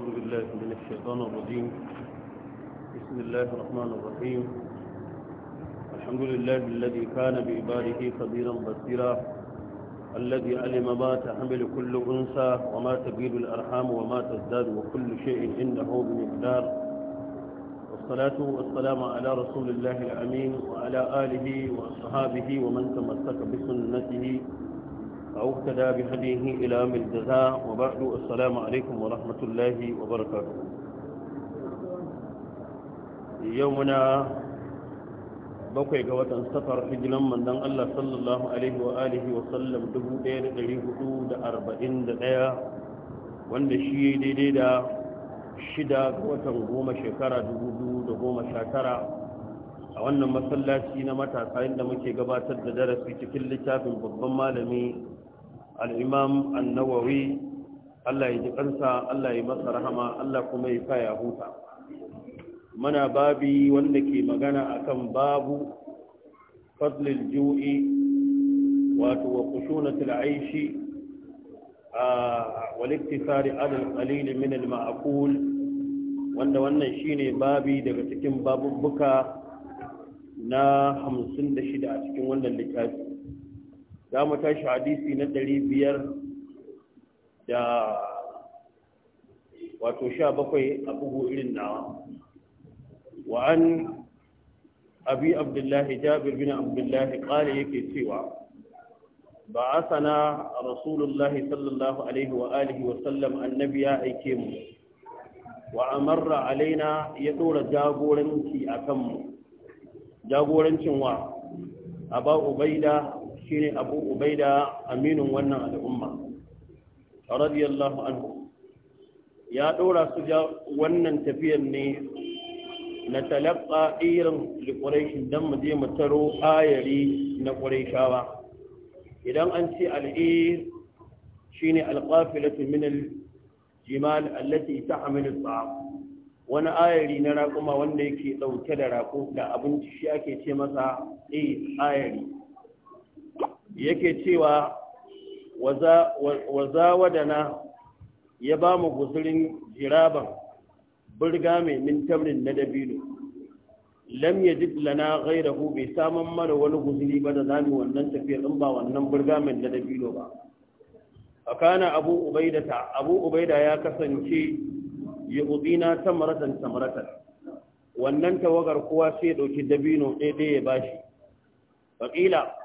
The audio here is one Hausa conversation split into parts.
أعوذ بالله من الشيطان الرجيم بسم الله الرحمن الرحيم الحمد لله الذي كان بعباده خبيرا بصيرا الذي علم ما تحمل كل أنثى وما تبيد الأرحام وما تزداد وكل شيء إنه بمقدار والصلاة والسلام على رسول الله الأمين وعلى آله وأصحابه ومن تمسك بسنته أو اقتدى بهديه إلى من الجزاء وبعد السلام عليكم ورحمة الله وبركاته يومنا bakwai ga watan safar hijiran manzon Allah sallallahu alaihi wa alihi wa sallam 1441 wanda shi daidai da shida ga watan goma shekara 2019 a wannan masallaci na matasa inda muke gabatar da darasi cikin littafin babban malami al'imam annawawi Allah yi ji Allah ya masa rahama Allah kuma ya kaya huta mana babi wanda ke magana akan babu fadlil ju'i wato wa kushunatul aishi والاكتفار على القليل من المعقول wanda wannan shine babi daga cikin babubbuka na 56 a cikin wannan littafi za mu tashi hadisi na ɗari biyar da wato sha bakwai a bugu irin nawa wa'an abi abdullahi jabir bin abdullahi ƙala yake cewa ba a sana a rasulullahi sallallahu alaihi wa alihi wa sallam annabi ya aike mu wa amarra alaina ya ɗora jagoranci a kanmu jagorancin wa A ba ubaida shine abu ubaida aminin wannan al'umma radiyallahu anhu ya ɗora su ja wannan tafiyar ne na talabta irin likurashin don mu je mu taro ayari na ƙurashawa idan an ce al'ir shi ne alƙafilatu minal jimal allati ta hamilu wani ayari na raƙuma wanda yake ɗauke da raƙo da abinci shi ake ce masa ayari yake cewa wazawadana ya ba mu guzurin jiraban burga mai min na dabino lam ji lana ghayrahu bai saman mana wani guzuri ba da zamu wannan tafiyar in ba wannan burga mai na dabino ba akana abu ubaida ta abu ubaida ya kasance yudina ta tamaratan wannan tawagar kowa sai ya dauki dabino ɗaya ya bashi faqila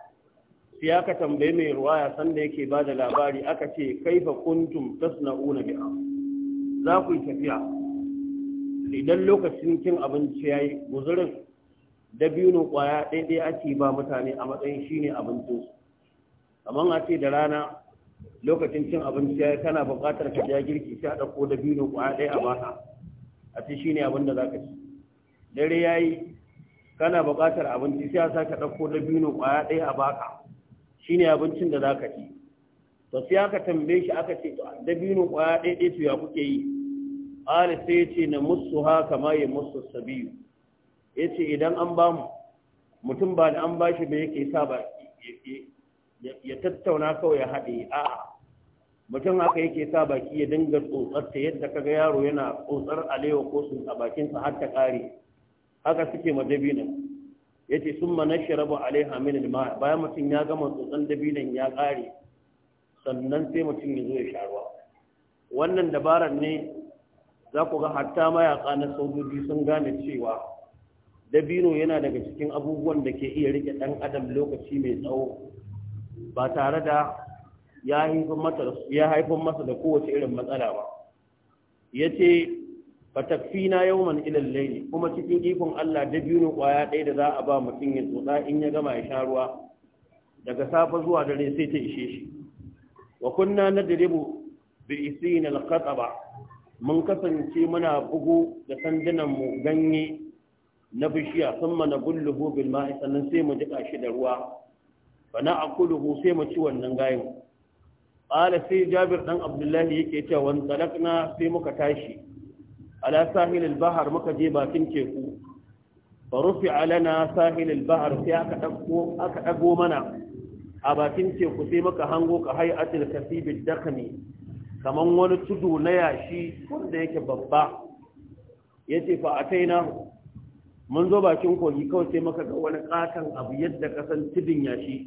sai aka tambaye mai ruwaya sanda yake ba da labari aka ce kaifa kuntum tasna'una bi'a za ku yi tafiya idan lokacin cin abinci yayi guzurin dabino kwaya daidai ake ba mutane a matsayin shine abincin su amma a ce da rana lokacin cin abinci yayi kana buƙatar ka ja girki sai a dauko dabino kwaya dai a baka a ce shine abin da zaka ci dare yayi kana buƙatar abinci sai a sake dauko dabino kwaya dai a baka Shi ne abincin da za zaka ci to sai aka tambaye shi aka ce to dabino kwaya ɗaya to ya kuke yi qala sai ya ce na ha kama ya musu sabiyu ya ce idan an ba mu mutum ba da an ba shi ba yake sa ba ya tattauna kawai ya haɗe a'a mutum haka yake sa baki ya dinga tsotsar ta yadda kaga yaro yana tsotsar alewa ko sun a bakinsa har ta ƙare haka suke ma dabinan yace summa nashrabu alaiha min alma bayan mutum ya gama tsotsan dabinan ya kare sannan sai mutum ya zo ya sharuwa wannan dabarar ne za ku ga hatta mayaƙa na sojoji sun gane cewa dabino yana daga cikin abubuwan da ke iya rike ɗan adam lokaci mai tsawo ba tare da ya haifar masa da kowace irin matsala ba ya ce fatakfina yawman ilal layli kuma cikin ikon Allah da biyu ne kwaya ɗaya da za a ba mutum ya tsotsa in ya gama ya sha ruwa daga safa zuwa dare sai ta ishe shi wa kunna nadribu bi isin al qataba mun kasance muna bugu da sandunan mu ganye na bishiya thumma nabulluhu bil ma'i sannan sai mu jika shi da ruwa fa na'kuluhu sai mu ci wannan gayin qala sai jabir dan abdullahi yake cewa wan talaqna sai muka tashi ala sahilil bahar muka je bakin teku fa rufi'a lana sahilil bahar sai aka dauko aka dago mana a bakin teku sai muka hango ka hay'atul kasibid dakani kaman wani tudu na yashi wanda yake babba yace fa ataina mun zo bakin kogi kawai sai muka ga wani katon abu yadda kasan tudun yashi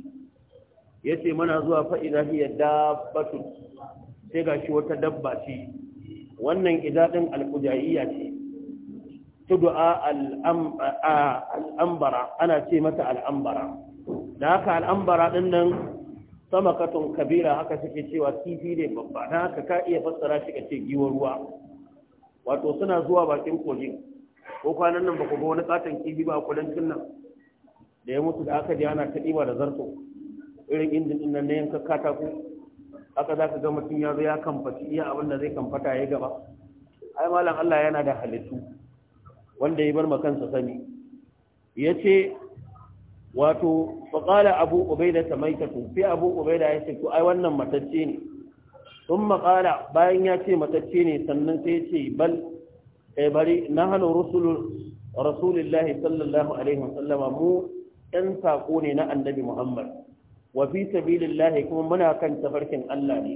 yace muna zuwa fa'ida hiya dabbatu sai gashi wata dabba ce wannan idadin al ce tud'a du'a ana ce mata al'ambara. da haka al'ambara ɗin din nan samakatun kabira haka suke cewa kifi ne babba na haka ka iya fassara shi kace giwar ruwa wato suna zuwa bakin kogin ko kwanan nan ba ku ga wani katon kifi ba kudancin nan da ya mutu da aka ji ana ta da zarto irin indin nan na yanka katako haka za ka ga mutum ya zo ya kamfaci iya abin da zai kamfata ya gaba ai malam Allah yana da halittu wanda ya bar ma kansa sani ya ce wato faƙala abu ubaida ta maitatu fi abu ubaida ya ce to ai wannan matacce ne sun maƙala bayan ya ce matacce ne sannan sai ya ce bal kai eh, bari na hana rasulullahi sallallahu alaihi wasallama mu ɗan saƙo ne na annabi muhammad wa fi sabilillahi kuma muna kan tafarkin Allah ne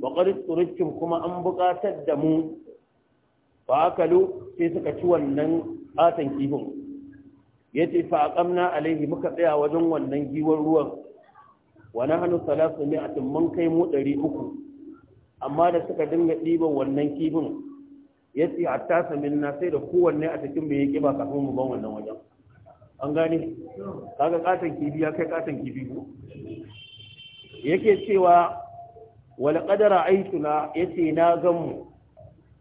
wa qad kuma an buƙatar da mu fa akalu sai suka ci wannan atan kifin yace fa aqamna alaihi muka tsaya wajen wannan giwon ruwan Wani hannu salasu a mun kai mu uku. amma da suka dinga ɗiban wannan kifin yace hatta saminna sai da kowanne a cikin bai yi ƙiba kafin mu ban wannan wajen an gane kaga katon kifi ya kai katon kifi ko yake cewa wal qadara aituna yace na gamu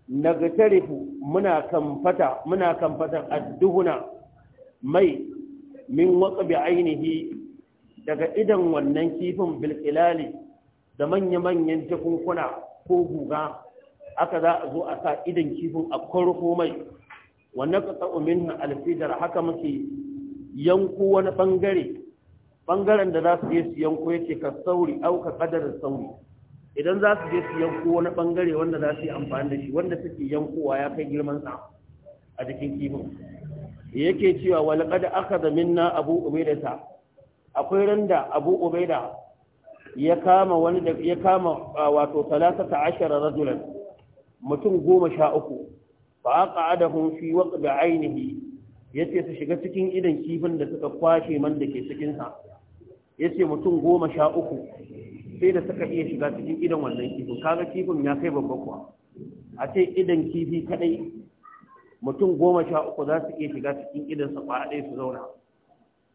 nagatarifu muna kamfata muna kamfata adduhuna mai min waqbi ainihi daga idan wannan kifin bil da manya manyan jakunkuna ko guga aka za a zo a sa idan kifin a korko mai wannan ka tsa'u min alfidar haka muke yanku wani bangare bangaren da za su je su yanku yake ka sauri auka kadarin sauri idan za su je su yanku wani bangare wanda za su yi amfani da shi wanda suke yankowa ya kai girman sa a jikin kifin yake cewa aka akhadha minna abu ubaidata akwai randa abu ubaida ya kama wani da ya kama wato 13 rajulan mutum 13 fa aqadahum fi ga ainihi Ya ce su shiga cikin idan kifin da suka kwashe man da ke cikin sa ce mutum goma sha uku sai da suka iya shiga cikin idan wannan kifin kaga kifin ya kai babba kuwa a ce idan kifi kadai mutum goma sha uku za su iya shiga cikin idan sa kwara ɗaya su zauna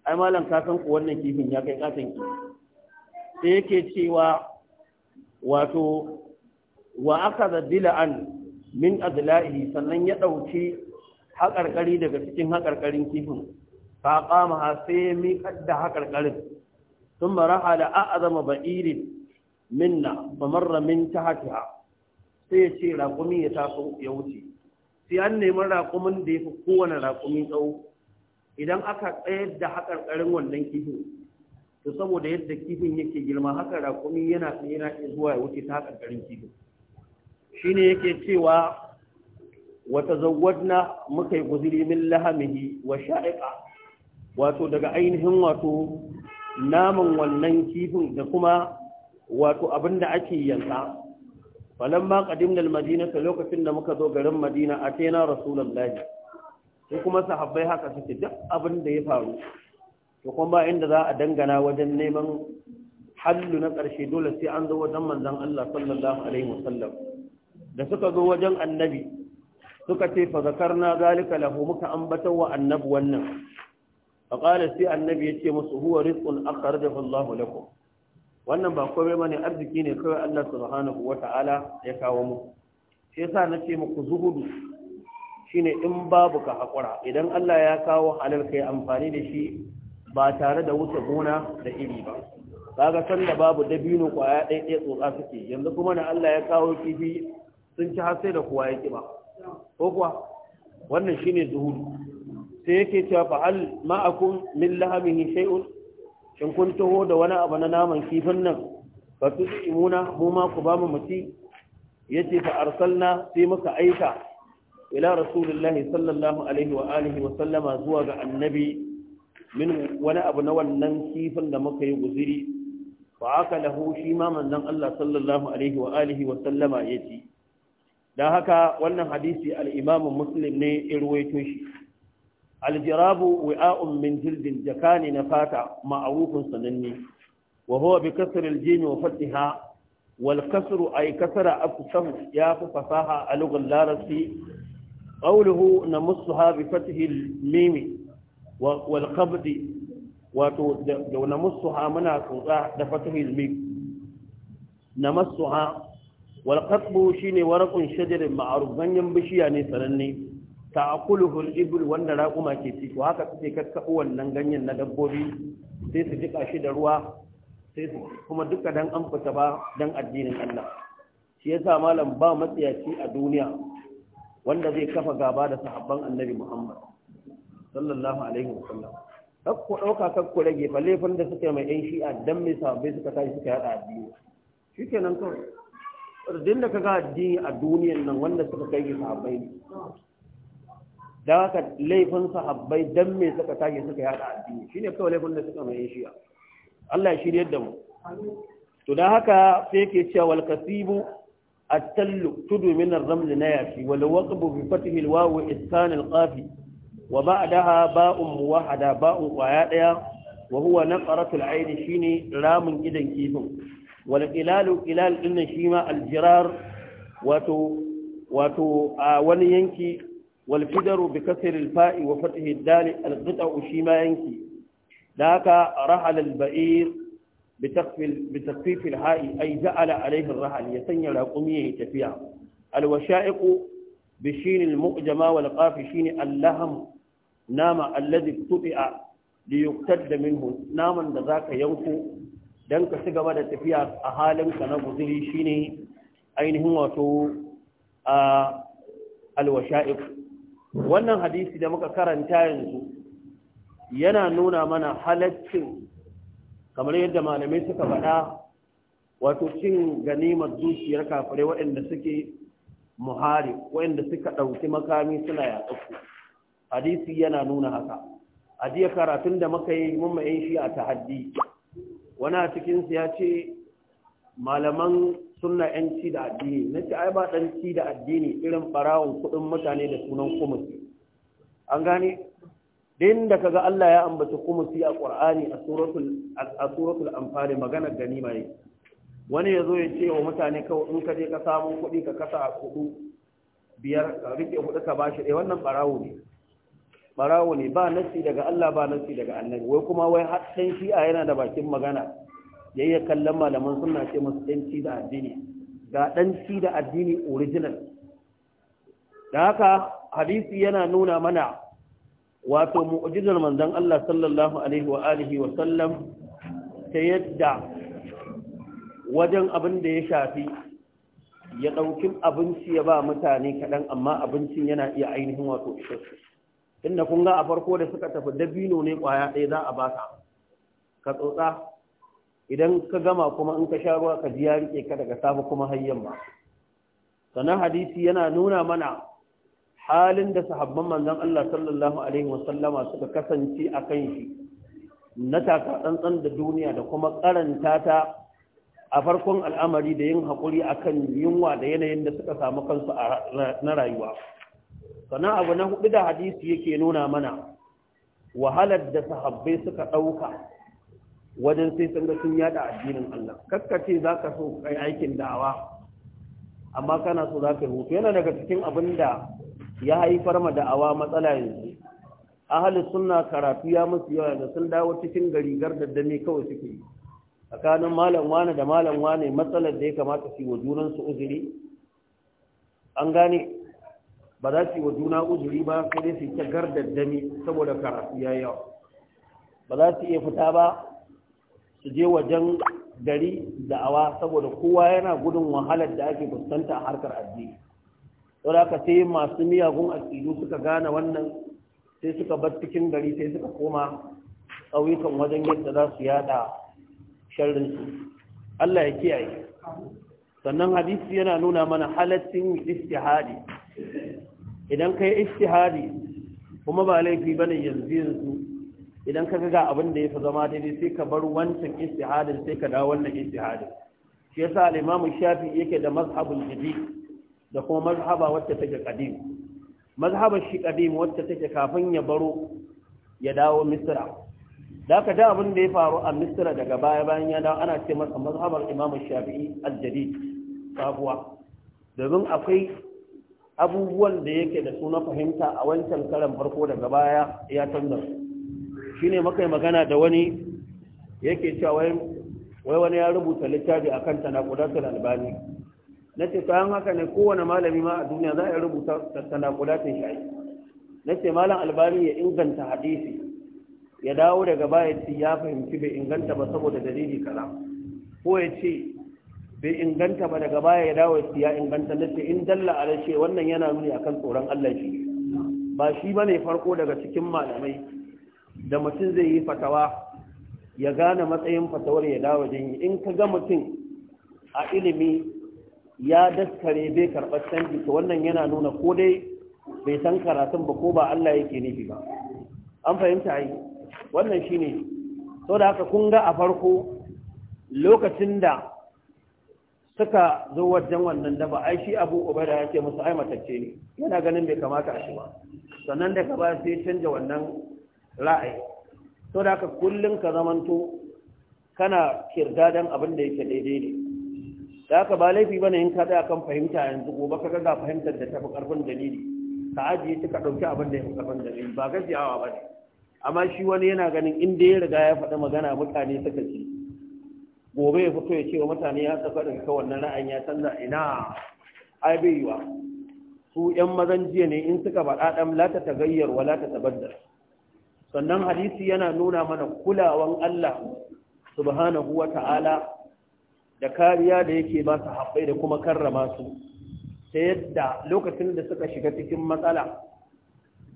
ai malam ka san ku wannan kifin ya kai katon ki sai yake cewa wato wa aka da dila'an min adla'ihi sannan ya ɗauki haƙarƙari daga cikin haƙarƙarin kifin fa qama ha sai miƙar da haƙarƙarin ثم رحل أعظم بئير منا فمر من تحتها sai ya ce raƙumi ya taso ya wuce sai an nemi raƙumin da ya fi kowane raƙumi tsawo idan aka tsayar da haƙarƙarin wannan kifin to saboda yadda kifin yake girma haka raƙumi yana tsaye na zuwa ya wuce ta haƙarƙarin kifin shine yake cewa wata zawwadna muka yi guziri min lahamihi wa sha'iqa wato daga ainihin wato naman wannan kifin da kuma wato abin da ake yanka falan ma qadimna almadinata lokacin da muka zo garin madina atena rasulullahi ko kuma sahabbai haka suke duk abin da ya faru to kuma inda za a dangana wajen neman hallu na ƙarshe dole sai an zo wajen manzon Allah sallallahu alaihi wasallam da suka zo wajen annabi suka ce fa na zalika lahu muka ambatar wa annabi wannan fa sai annabi ya ce musu huwa rizqun akhrajahu Allah lakum wannan ba komai bane arziki ne kawai Allah subhanahu wata'ala ya kawo mu shi yasa nace muku zuhudu shine in babu ka hakura idan Allah ya kawo halal kai amfani da shi ba tare da wuce gona da iri ba kaga san da babu dabino kwaya ɗaya ɗaya tsotsa suke yanzu kuma na Allah ya kawo kifi sun ci har sai da kowa ya kiba ko kuwa wannan shine zuhudu sai yake cewa fa al ma'akum min lahamihi shay'un shin kun taho da wani abu na naman kifin nan fa imuna mu ma ku ba mu muti yace fa arsalna sai muka aika ila rasulullahi sallallahu alaihi wa alihi wa sallama zuwa ga annabi min wani abu na wannan kifin da muka yi guziri fa aka lahu shi ma manzon Allah sallallahu alaihi wa alihi wa sallama yace Da haka wannan hadisi al'imamin muslim ne 'irwaitun shi aljirabu wi'a'un min jirgin jaka ne na fata ma'arufin sananne wa huwa bi kasar aljimi wa fatiha wal a ay kasara afsahu ya fi fasaha a lugar larabci qawluhu namussuha bi fatihi al-mim wal qabdi wato da na musu ha muna tsotsa da fatihi Na masu ha. walƙasbu shi ne warakun shajar ma'aruf ganyen bishiya ne sananne ta Akulu ibul wanda raƙuma ke ci to haka suke kakkaɓo wannan ganyen na dabbobi sai su jiƙa shi da ruwa sai su kuma duka dan an fita ba dan addinin Allah shi yasa malam ba matsiyaci a duniya wanda zai kafa gaba da sahabban annabi Muhammad sallallahu alaihi wasallam kakku ɗauka kakku rage fa laifin da suka mai 'yan shi'a dan mai suka tashi suka yaɗa addini shikenan kawai din da ka ga addini a duniyan nan wanda suka kai ga sahabbai ne da haka laifin sahabbai dan me suka tashi suka yada addini shine kawai laifin da suka mai shiya Allah ya shiryar da mu to dan haka sai yake cewa wal kasibu at-tallu tudu min ar-raml na yafi wal waqbu bi fatihi al-wawu ithan al-qafi wa ba'daha ba'un muwahada ba'un qaya daya wa huwa naqratu al-ayn shine ramun gidan kifin wal ilalu ilal din nan shi ma aljirar wato wato a wani yanki walfidaru bi kasr al fa'i wa fath al shi ma yanki da haka rahal al bi takfil bi takfif ha'i ay ja'ala alayhi rahal ya sanya raqumi ya tafiya al washa'iqu bi shin al wal qaf shin al nama alladhi tubi'a li yuqtad minhu naman da zaka yanku. don ka ci gaba da tafiya a halinka na guzuri shine ainihin wato a alwasha'ik wannan hadisi da muka karanta yanzu yana nuna mana halaccin kamar yadda malamai suka faɗa wato cin ganimar zuciyar kafirai waɗanda suke muhari waɗanda suka ɗauki makami suna yatsatsu hadisi yana nuna haka a jiya karatun da muka yi mun mai shi a tahaddi wani a su ya ce malaman sunna yanci da addini na ce ai ba danci da addini irin farawon kuɗin mutane da sunan kumusi an gane din da kaga Allah ya ambaci kumusi a Qur'ani a suratul a suratul anfal magana gani mai wani yazo ya ce wa mutane kawai in ka je ka samu kuɗi ka kasa a kudu biyar ka rike kudi ka bashi eh wannan barawo ne barawo ne ba nasi daga Allah ba nasi daga annabi wai kuma wai har san shi'a yana da bakin magana ya kallon malaman suna ce masu ɗanci da addini ga ɗanci da addini original da haka hadisi yana nuna mana wato mu'jizar manzon Allah sallallahu alaihi wa alihi wa sallam ta yadda wajen abin da ya shafi ya ɗauki abinci ya ba mutane kaɗan amma abincin yana iya ainihin wato isassu inda kun ga a farko da suka tafi dabino ne kwaya ɗaya za a baka ka tsotsa idan ka gama kuma in ka sha ruwa ka ji ya rike ka daga safe kuma har yamma sannan hadisi yana nuna mana halin da sahabban manzon Allah sallallahu alaihi wasallama suka kasance a kan shi na taka tsantsan da duniya da kuma karanta ta a farkon al'amari da yin haƙuri akan yunwa da yanayin da suka samu kansu na rayuwa sannan abu na hudu da hadisi yake nuna mana wahalar da sahabbai suka ɗauka wajen sai sun ga sun yada addinin Allah kakkace za ka so kai aikin da'awa amma kana so za ka hutu yana daga cikin abin da ya haifar ma da'awa matsala yanzu ahalin sunna karatu ya musu yawa da sun dawo cikin gari gardadame kawai suke yi tsakanin malam wane da malam wane matsalar da ya kamata su yi wa junansu uzuri an gane ba za su yi wa juna uzuri ba sai dai su ta gardar dami saboda karatu ya yawa ba za su iya fita ba su je wajen gari da awa saboda kowa yana gudun wahalar da ake fuskanta a harkar addini don haka sai masu miyagun aƙidu suka gane wannan sai suka bar cikin gari sai suka koma ƙauyukan wajen yadda za su yada sharrinsu Allah ya kiyaye sannan hadisi yana nuna mana halaccin istihadi idan ka yi istihari kuma ba laifi ba ne yanzu yanzu idan ka ga abin da ya fi zama daidai sai ka bar wancan istihadin sai ka dawo wannan istihadin shi ya sa alimamu shafi yake da mazhabin jadid da kuma mazhaba wacce take kadim mazhabar shi kadim wacce take kafin ya baro ya dawo misira? da ka da abin da ya faru a misira daga baya bayan ya dawo ana ce masa mazhabar imamu shafi'i al-jadid domin akwai abubuwan da yake da suna fahimta a wancan karan farko daga baya ya tanda shi ne makai magana da wani yake cewa wai wani ya rubuta littafi a kanta na kudatul albani na ce kayan haka ne kowane malami ma a duniya za a rubuta tattana kudatul shayi na ce malam albani ya inganta hadisi ya dawo daga baya ya fahimci bai inganta ba saboda dalili kaza ko ya ce bai inganta ba daga baya ya dawo ya inganta na ce in dalla a rashe wannan yana nuni akan tsoron Allah shi ba shi bane farko daga cikin malamai da mutum zai yi fatawa ya gane matsayin fatawar ya dawo jin in ka ga mutum a ilimi ya daskare bai karɓar canji to wannan yana nuna ko dai bai san karatun ba ko ba Allah yake nufi ba an fahimta ai wannan shine saboda haka kun ga a farko lokacin da suka zo wajen wannan daba ai shi abu ubaida ya ce musu ai matacce ne yana ganin bai kamata a shi ba sannan ka ba sai canja wannan ra'ayi to da haka kullun ka zamanto kana kirda dan abin da yake daidai ne da haka ba laifi bane in ka tsaya kan fahimta yanzu gobe ka ga fahimtar da tafi karfin dalili ka ajiye ta ka ɗauki abin da ya karfin dalili ba gajiyawa ba ne amma shi wani yana ganin inda ya riga ya faɗi magana mutane suka ci gobe ya fito ya ce wa mutane ya tafi da kawai na ra'ayin ya canza ina ai bai yiwa su yan mazan jiya ne in suka faɗa ɗan lata ta gayyar wa lata ta sannan hadisi yana nuna mana kulawan Allah subhanahu wa ta'ala da kariya da yake ba su haɓɓai da kuma karrama su ta yadda lokacin da suka shiga cikin matsala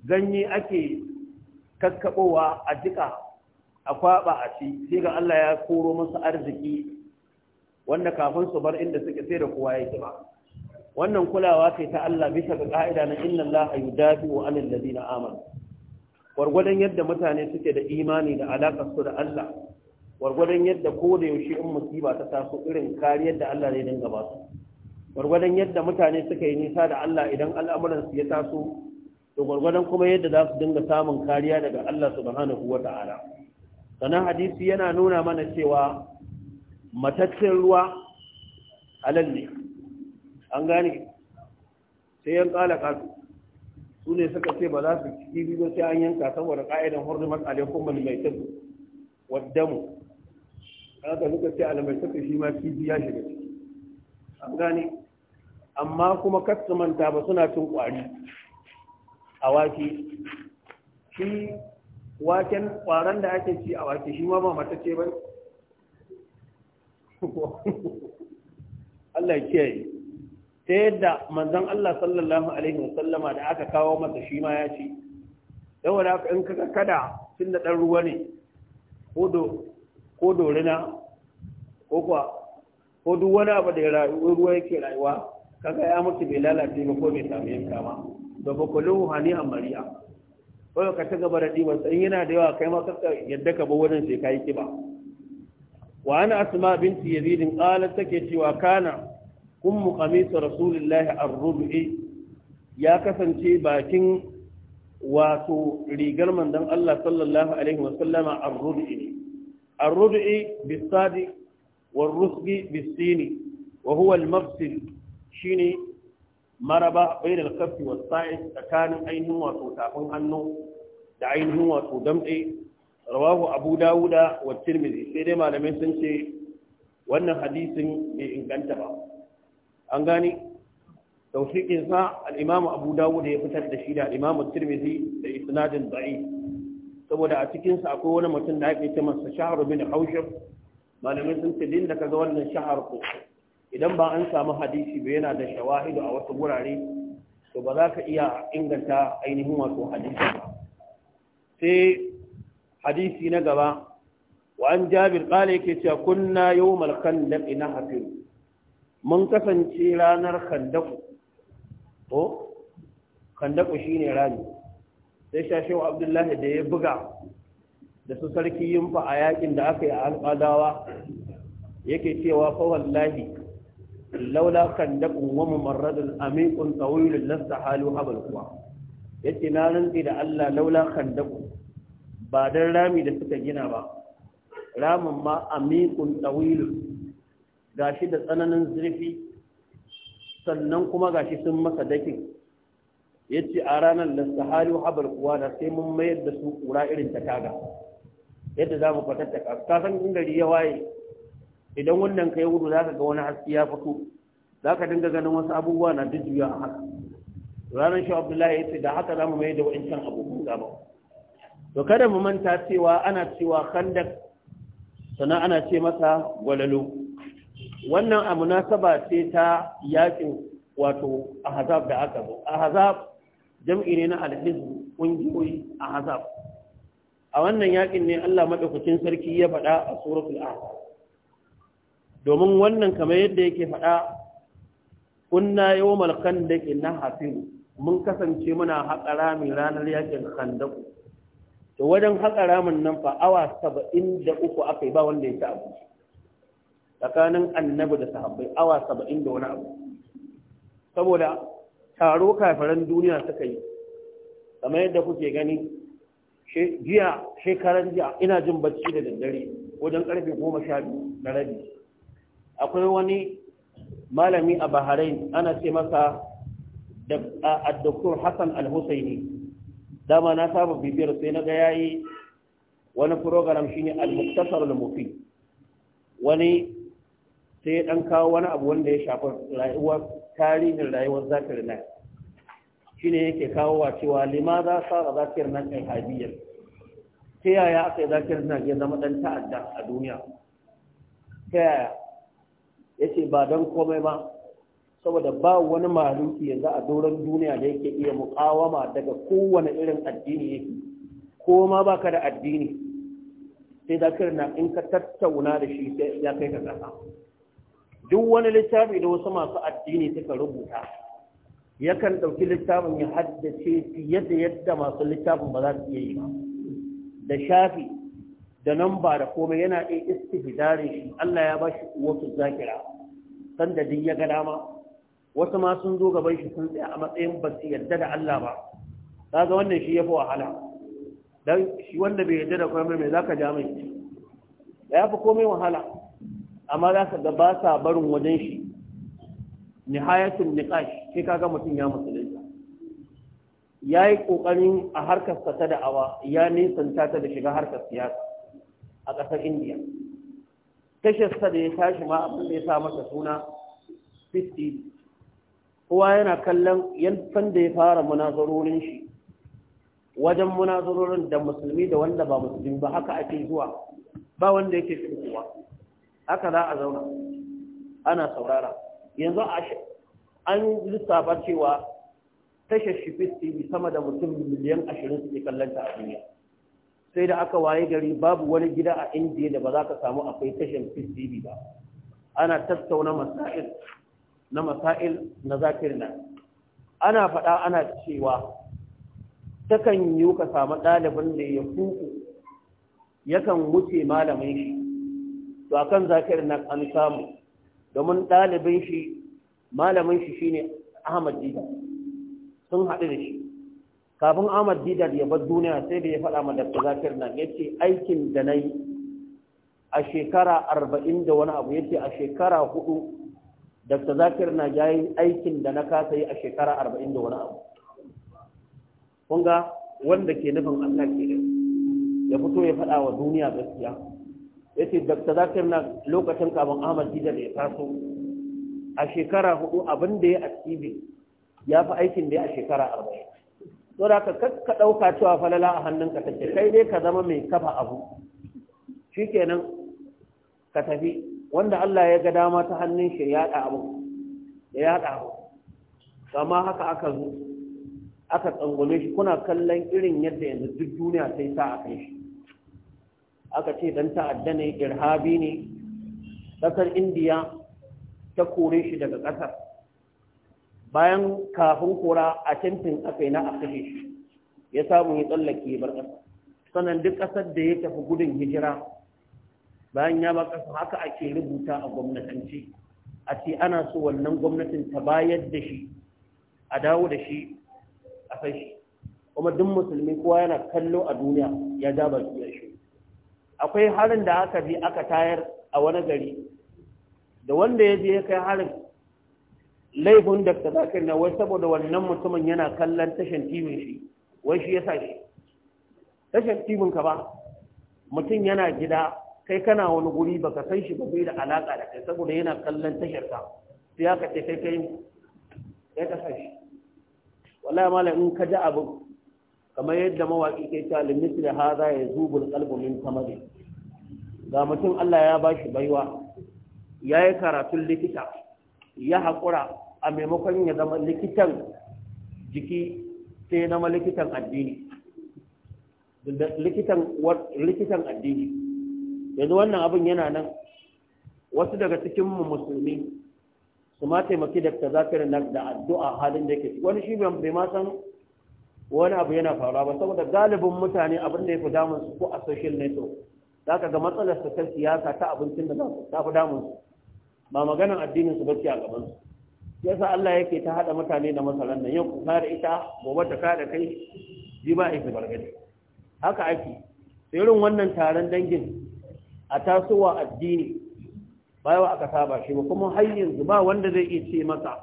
ganye ake kakkaɓowa a jika a kwaba a ci sai ga Allah ya koro musu arziki wanda kafin su bar inda suke sai da kowa ya ba wannan kulawa ce ta Allah bisa ga ka'ida na inna Allah yudafi wa alal ladina amanu gwargwadon yadda mutane suke da imani da alaka su da Allah gwargwadon yadda ko da yaushe in musiba ta taso irin kariyar da Allah zai dinga ba su gwargwadon yadda mutane suka yi nisa da Allah idan al'amuran su ya taso to gwargwadon kuma yadda za su dinga samun kariya daga Allah subhanahu wa ta'ala sannan hadisi yana nuna mana cewa mataccen ruwa halal ne an gane sai yan kala kasu su ne suka ce ba za su ci ba sai an yanka saboda ka'idan hurmat alaikum mai maitat wa damu haka suka ce alamai suka shi ma kifi ya shiga ciki an gane amma kuma kasu manta ba suna cin kwari a waki shi waken kwaron da ake ci a wake shi ma ba ce ba Allah kiyaye ta yadda manzon Allah sallallahu alaihi wasallama da aka kawo masa shi ma ya ci saboda haka in ka kada tun da dan ruwa ne ko do ko dorina ko kuwa ko duk wani abu da ya ruwa yake rayuwa kaga ya mutu bai lalace ba ko bai samu yanka ba da bakulahu hani amariya kawai ka ta gaba da ɗiban in yana da yawa kai ma yadda ka ba wurin sai ka yi kiba wa ana asma binti yazidin qalat take cewa kana ummu qamis rasulillahi ar-rubi ya kasance bakin wato rigar mandan Allah sallallahu alaihi wa sallama ar-rubi ne ar-rubi bis-sadi war-rusbi sini wa huwa al-mafsil shine maraba bainal kaffi was sa'i tsakanin ainihin wato tafin hannu da ainihin wato damɗe, rawahu abu dawuda wa tirmidhi sai dai malamai sun ce wannan hadisin bai inganta ba an gane tawfiqin sa al-imam abu dawuda ya fitar da shi da al-imam tirmidhi da isnadin da'i saboda a cikin sa akwai wani mutum da ake ce masa shahr bin haushab malamai sun ce din da kaga wannan shahr ko idan ba an samu hadisi ba yana da shawahidu a wasu wurare to ba za ka iya inganta ainihin wato hadisi ba sai hadisi na gaba wa an jabir kala yake cewa kunna yawmal khandaq na hafiru mun kasance ranar khandaku to khandaku shine rani sai shashewa abdullahi da ya buga da su sarki yin fa a yakin da aka yi a alƙadawa yake cewa fa wallahi laula kan daƙun wa mumarradun amikun tsawilun lasta halu habal kuwa yace na rantsi da Allah laula kan ku. ba don rami da suka gina ba ramin ma amikun tsawilun gashi da tsananin zurfi sannan kuma gashi sun masa dakin yace a ranar lasta halu habal kuwa da sai mun mayar da su kura irin ta taga yadda za mu fatattaka kasan gari ya waye idan wannan kai gudu za ka ga wani haske ya fito za ka dinga ganin wasu abubuwa na jujjuya a haka ranar shi abdullahi ya ce da haka za mu mai da wa'incan abubuwan gaba to kada mu manta cewa ana cewa khandak sannan ana ce masa gwalalo wannan a munasaba ce ta yakin wato ahzab da aka zo ahzab jam'i ne na alhizb kungiyoyi ahzab a wannan yakin ne Allah madaukakin sarki ya faɗa a suratul ahzab domin wannan kamar yadda yake faɗa kunna yau malkan da na hafin mun kasance muna haƙa ramin ranar yakin handaku to wajen haƙa ramin nan fa awa saba'in da uku aka yi ba wanda ya ci abu tsakanin annabi da sahabbai awa saba'in da wani abu saboda taro kafiran duniya suka yi kamar yadda kuke gani jiya shekaran jiya ina jin bacci da daddare wajen karfe goma sha biyu na rabi akwai wani malami a bahrain ana ce masa addakur hassan al-husaini dama na saba bibiyar sai na ga yi. wani program shi ne al-muktasar al-mufi wani sai dan kawo wani abu wanda ya shafi rayuwar tarihin rayuwar zakir nan ne yake kawo wa cewa limaza sara zakir nan kai habiyar ta yaya aka yi zakir nan ya zama ɗan ta'adda a duniya ta yaya ya ce ba don komai ba saboda ba wani maluki yanzu a doron duniya da yake iya muƙawama daga kowane irin addini yake ko ma ba ka da addini sai da na in ka tattauna da shi ya kai ka kasa duk wani littafi da wasu masu addini suka rubuta yakan ɗauki littafin ya haddace fiye da yadda masu littafin ba za su iya yi ba da shafi da nan ba da komai yana ɗaya istihdarin shi Allah ya ba shi wasu zakira sanda din ya ga dama wasu ma sun zo gaban shi sun tsaya a matsayin ba su yarda da Allah ba kaga wannan shi yafi wahala dan shi wanda bai yarda da komai mai zaka ja mai ya fi komai wahala amma za ka ga ba sa barin wajen shi nihayatul niqash sai kaga mutum ya musulunta yi kokarin a harkar sa ta da'awa ya nisan ta da shiga harkar siyasa a ƙasar indiya tashasta da ya tashi ma abin da ya sa masa suna 50 kowa yana kallon yanfan da ya fara munazarorin shi wajen munazarorin da musulmi da wanda ba musulmi ba haka ake zuwa ba wanda yake kowa haka za a zauna ana saurara yanzu an lissafa cewa tashar shi 50 sama da mutum miliyan 20 suke kallon ta a duniya sai da aka waye gari babu wani gida a indiya da ba za ka samu akwai tashin pcb ba ana tattauna masa'il na masa'il na zakir nan ana faɗa ana cewa takan yi ka samu ɗalibin da ya kuku yakan wuce malamin shi to akan zakir nan an samu domin ɗalibin shi malamin shi shine ahmad dida sun haɗu da shi kafin Ahmad Didar ya bar duniya sai da ya faɗa ma Dr. Zakir nan ce aikin da na yi a shekara arba'in da wani abu Ya ce a shekara hudu Dr. Zakir na yayi aikin da na kasa yi a shekara arba'in da wani abu kun ga wanda ke nufin Allah ke da ya fito ya faɗa wa duniya gaskiya Ya ce Dr. Zakir na lokacin kafin Ahmad Didar ya taso a shekara hudu abin da ya a TV ya fi aikin da ya a shekara arba'in so haka ka kakka ɗauka cewa falala a hannunka take kai dai ka zama mai kafa abu shikenan ka tafi wanda Allah ya ga dama ta hannun shi ya da abu ya da abu amma haka aka zo aka tsangwame shi kuna kallon irin yadda yanzu duk duniya sai sa a kai shi aka ce dan ta'adda ne irhabi ne ƙasar indiya ta kore shi daga ƙasar bayan kafin kura a tantin aka yi na a kashe shi ya samu ya tsallake bar ƙasa sannan duk ƙasar da ya tafi gudun hijira bayan ya ba ƙasa haka ake rubuta a gwamnatance a ce ana so wannan gwamnatin ta bayar da shi a dawo da shi a kai shi kuma duk musulmi kowa yana kallo a duniya ya ja ba ya shi akwai harin da aka bi aka tayar a wani gari da wanda ya je ya kai harin laifin da ta zakir na wai saboda wannan mutumin yana kallon tashin TV shi wai shi ya sa shi tashin TV ka ba mutum yana gida kai kana wani guri baka san shi ba bai da alaka da kai saboda yana kallon tashar ka sai ya kace kai kai ya ka shi wallahi mallam in ka ji abu kamar yadda mawaƙi ke cewa limiti da haza ya zubul qalbu min tamari ga mutum Allah ya bashi baiwa yayi yi karatun likita ya haƙura a maimakon ya zama likitan jiki sai ya zama likitan addini likitan addini yanzu wannan abin yana nan wasu daga cikin mu musulmi su ma taimaki da ta nan da addu'a halin da yake wani shi bai ma san wani abu yana faruwa ba saboda galibin mutane abin da ya fi damun su ko a social network za ka ga matsalar su ta siyasa ta abincin da za su ta fi damun su ba maganar addinin su bacci a gaban su yasa Allah yake ta haɗa mutane da masaran nan yau kuka da ita gobe ta kada kai ji ba ita bargadi haka ake irin wannan taron dangin a tasowa addini bayawa aka saba shi ba kuma har yanzu ba wanda zai iya ce masa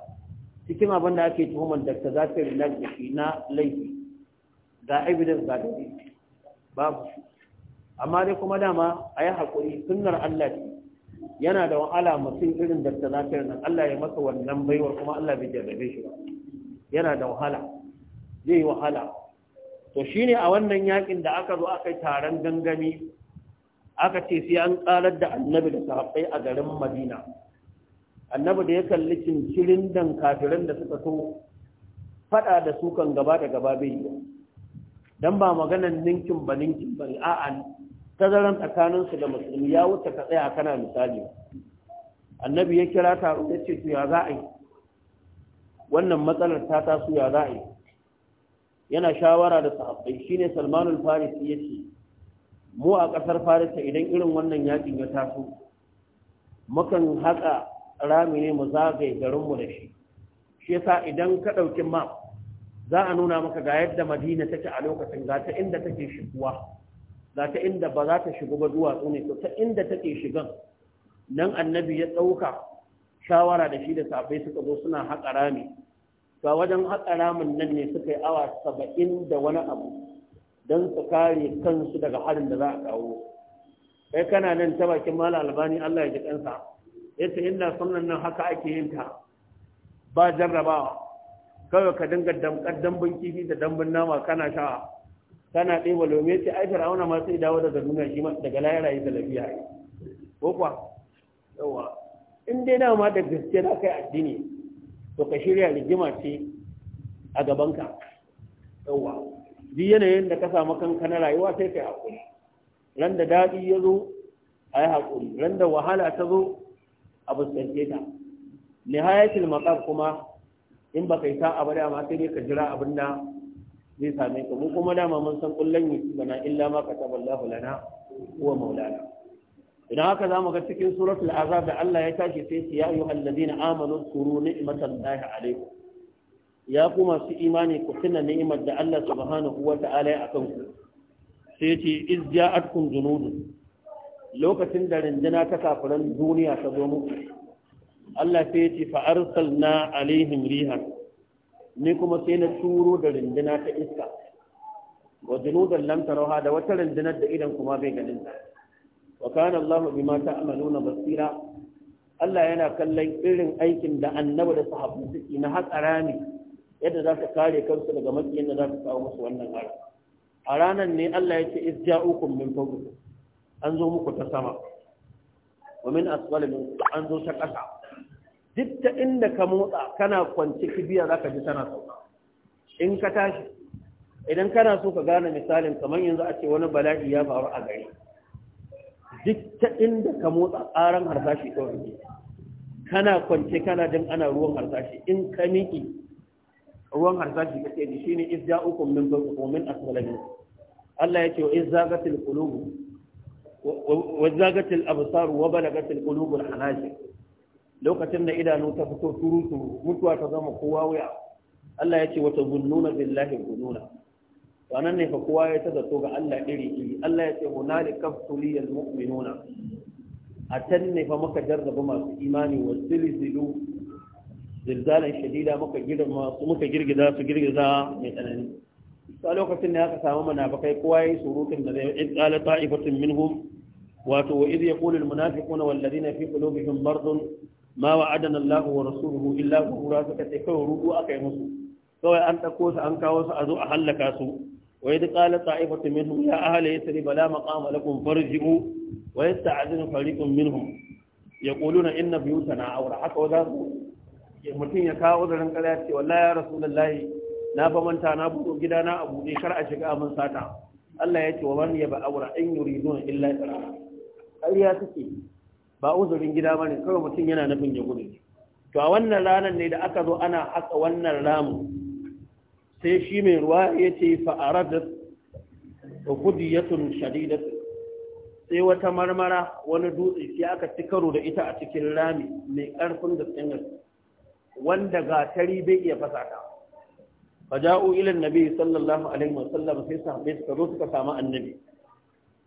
cikin abin da ake tuhumar da ta zafi da shi na laifi ga evidence ga dalili babu amma dai kuma dama a yi haƙuri sunnar Allah ce yana da wahala mutum irin da ta lafiyar nan Allah ya masa wannan baiwa kuma Allah bai jarrabe shi ba yana da wahala zai yi wahala to shine a wannan yakin da aka zo aka yi taron gangami aka ce sai an karar da annabi da sahabbai a garin Madina annabi da ya kalli cincirin dan kafiran da suka so fada da su kan gaba da gaba bai yi dan ba maganan ninkin ba ninkin ba a'a tazaran tsakaninsu da musulmi ya wuce ka tsaya kana misali annabi ya kira taro ya ce ya za a yi wannan matsalar ta taso ya za a yi yana shawara da sahabbai shine salmanul farisi ya ce mu a ƙasar farisa idan irin wannan yakin ya taso mukan haka rami ne mu zagaye garinmu da shi shi yasa idan ka ɗauki map za a nuna maka ga yadda madina take a lokacin ga inda take kuwa. za ta inda ba za ta shiga ba duwatsu ne to ta inda take shigan nan annabi ya ɗauka shawara da shi da sabai suka zo suna haƙa rami ga wajen haƙa ramin nan ne suka yi awa saba'in da wani abu don su kare kansu daga harin da za a kawo kai kana nan ta bakin mala albani allah ya ji kansa ce inda sunan nan haka ake yin ta ba jarrabawa kawai ka dinga damkar dambun kifi da dambun nama kana sha kana ɗeba lome ce ai fir'auna ma sai dawo daga duniya shi daga layara yi da lafiya ko kuwa yawa in dai dama da gaske da kai addini to ka shirya rigima ce a gabanka yawa duk yanayin da ka samu kanka na rayuwa sai kai yi haƙuri ran da daɗi ya zo a yi haƙuri ran da wahala ta zo a fuskance ta nihayatul maqam kuma in bakai ta sa'a ba ma sai ka jira abin da zai same ka mu kuma dama mun san kullun yi bana illa ma kataballahu lana huwa maulana idan haka zamu ga cikin suratul azab da Allah ya tashi sai ya ayyuhal ladina amanu kuru ni'matallahi alaikum ya ku masu imani ku tuna ni'imar da Allah subhanahu wa ta'ala ya akan ku sai ya ce iz ja'atkum junudun lokacin da rinjina ta kafiran duniya ta zo muku Allah sai ya ce fa arsalna alaihim rihan ni kuma sai na turo da rinduna ta iska wa junudan lam tarawha da wata rundunar da idan kuma bai ganin ta wa kana Allahu bima ta'maluna basira Allah yana kallon irin aikin da annabi da sahabbai suke na hatsara ne yadda za ka kare kansu daga matsayin da za ka kawo musu wannan hari a ranar ne Allah ya ce isja'ukum min fawqikum an zo muku ta sama wa min asfali minkum an zo ta ƙasa duk ta inda ka motsa kana kwance kibiya ka ji tana sauka in ka tashi idan kana so ka gane misalin kamar yanzu a ce wani bala'i ya faru a gari duk ta inda ka motsa tsaron harsashi kawai ne kana kwance kana jin ana ruwan harsashi in ka miƙi ruwan harsashi shi ne shine uku min uku min asfalakum Allah ya ce wa izzagatil qulub wa zagatil absar wa balagatil qulubul hanajir lokacin da idanu ta fito turu mutuwa ta zama kowa wuya Allah ya ce wata zunnuna billahi gununa to nan ne fa kowa ya ta zato ga Allah iri iri Allah ya ce hunalika tuliyal mu'minuna a can ne fa muka jarraba masu imani wa zilzilu zilzalan shadida muka girma su muka girgiza su girgiza mai tsanani to a lokacin da aka samu munafikai kowa yayi surutin da zai in qala ta'ifatun minhum wato wa idh yaqulu al munafiquna wal ladina fi qulubihim mardun ma wa'adana Allah wa rasuluhu illa ghurura suka ce kawai rudu aka yi musu kawai an ɗauko su an kawo su a zo a hallaka su wa yadda qala ta'ifatu minhum ya ahli yasri bala maqama lakum farji'u wa yasta'dinu fariqun minhum Ya yaquluna inna buyutana aura. haka wa zasu mutum ya kawo uzurin ƙarya ce wallahi ya rasulullahi na fa manta na buɗo gidana a buɗe kar a shiga amin sata Allah ya ce wa man ya ba aura in yuriduna illa tsara ƙarya take ba uzurin gida ba ne kawai mutum yana nufin ya gudu to a wannan ranar ne da aka zo ana haka wannan ramu sai shi mai ruwa ya ce fa'aradat gudiyatun shadidat sai wata marmara wani dutse shi aka ci karo da ita a cikin rami mai ƙarfin da tsingar wanda gatari bai iya fasa ta faja'u ilan nabi sallallahu alaihi wasallam sai sahabbai suka zo suka samu annabi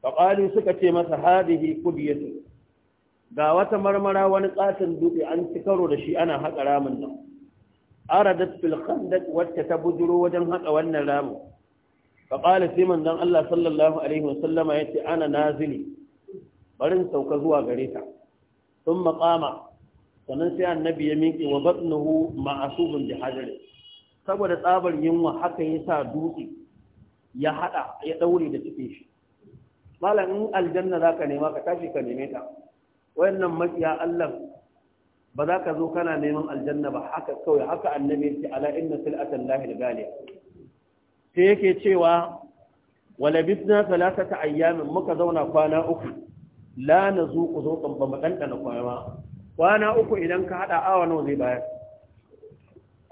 faqalu suka ce masa hadihi kudiyatu ga wata marmara wani katin dutse an ci karo da shi ana haƙa ramin nan aradat fil khandaq wacce ta bujuro wajen haƙa wannan ramin fa qala sai manzon Allah sallallahu alaihi wasallama yace ana nazili barin sauka zuwa gare ta thumma qama sannan sai annabi ya miƙe wa batnuhu ma'asubun bi hajar saboda tsabar yunwa haka yasa dutse ya hada ya daure da cikin shi malam in aljanna zaka nema ka tashi ka neme ta wayannan makiya Allah ba za ka zo kana neman aljanna ba haka kawai haka annabi ce ala inna silatan lahil galiya Ta yake cewa wala bitna salasata ayyamin muka zauna kwana uku la nazuqu zuqan ba mu dandana kwana kwana uku idan ka haɗa awa nawa zai bayar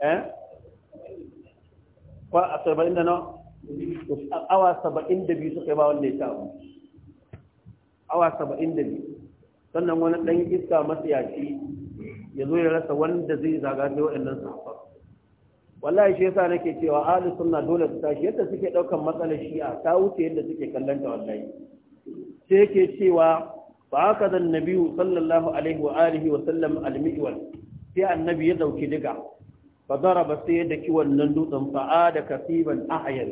eh kwa 70 da nawa awa saba'in da biyu suka yi ba wanda ya ta awa biyu. sannan wani ɗan iska matsiyaci ya zo ya rasa wanda zai zaga ne waɗannan sahabban wallahi shi yasa nake cewa ahli sunna dole su tashi yadda suke ɗaukan matsalar shi'a ta wuce yadda suke kallon ta wallahi sai yake cewa fa haka zan nabiyu sallallahu alaihi wa alihi wa sallam almi'wal sai annabi ya dauki diga fa daraba sai da ki wannan dutsen fa ada kasiban ahyan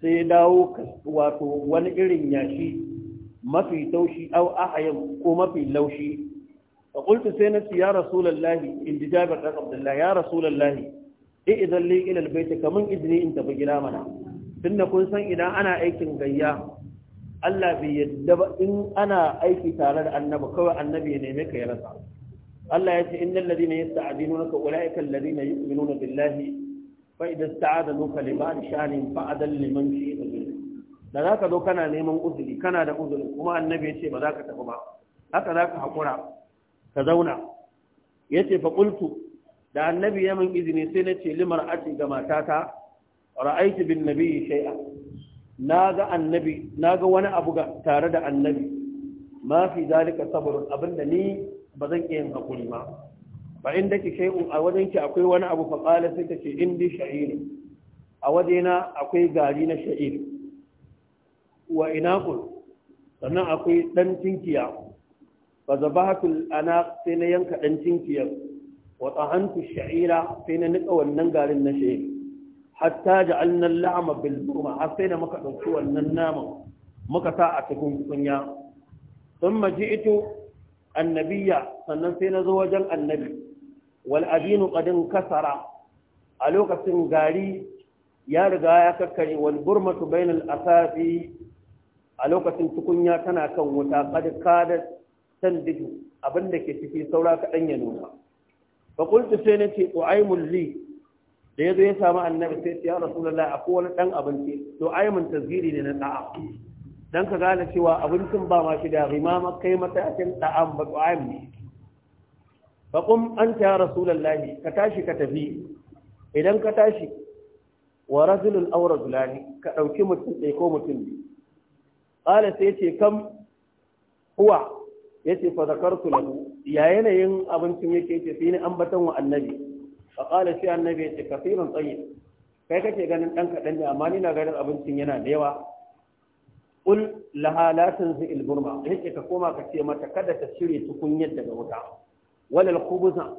sai ya dawo wato wani irin yashi mafi taushi au ahayan ko mafi laushi fa qultu sai ya rasulullahi in ji jabir dan abdullah ya rasulullahi eh idan li ila albayt kaman idni in tafi gida mana tunda kun san idan ana aikin gayya Allah bai yadda ba in ana aiki tare da annabi kawai annabi ya neme ka ya rasa Allah ya ce innal ladina yasta'dinunaka ulaika alladina yu'minuna billahi fa idza sta'adanu kalimani shanin fa'adal liman shi'a da za ka zo kana neman uzuri kana da uzuri kuma annabi ya ce ba za ka tafi ba haka za ka haƙura ka zauna ya ce fa kultu da annabi ya min izini sai na ce limar ati ga matata ra'aiti bin nabi shai'a na ga annabi na wani abu ga tare da annabi ma fi zalika sabrun abinda ni ba zan iya yin haƙuri ma ba inda ki shai'un a wajen ki akwai wani abu faƙala sai ta ce indi sha'iri a wajena akwai gari na sha'iri wa inaqun sannan akwai Ba tinkiya ba zabahatul anaq sai na yanka dan tinkiyar wa tahantu sha'ira sai na nika wannan garin na sha'ir hatta ja'alna al'ama bil burma har sai na muka ɗauki wannan naman muka sa a cikin kunya maji ito annabiya sannan sai na zo wajen annabi wal adinu ƙadin kasara a lokacin gari ya riga ya kakkare wal burmatu bainal asafi a lokacin tukunya tana kan wuta kad da san dudu abin da ke ciki saura kaɗan ya nuna fa qultu sai nace tu'aimul li da zo ya samu annabi sai ya rasu rasulullahi akwai wani ɗan abinci tu'aimun tazgiri ne na da'a don ka gane cewa abincin ba ma shi da rimama kai matakin da'am ba tu'aim ne fa an ta ya rasulullahi ka tashi ka tafi idan ka tashi wa rajulun aw rajulani ka ɗauki mutum ɗaya ko mutum biyu qala sai ce kam huwa ce fa zakartu lahu ya yanayin abincin yake ce, sai ni ambatan wa annabi fa qala sai annabi yace kafirun tsayin! kai kake ganin ɗan kaɗan ne amma ni na ganin abincin yana da yawa qul laha la tanzi al Ya ce ka koma ka ce mata kada ta cire tukunyar daga wuta Walal kubusa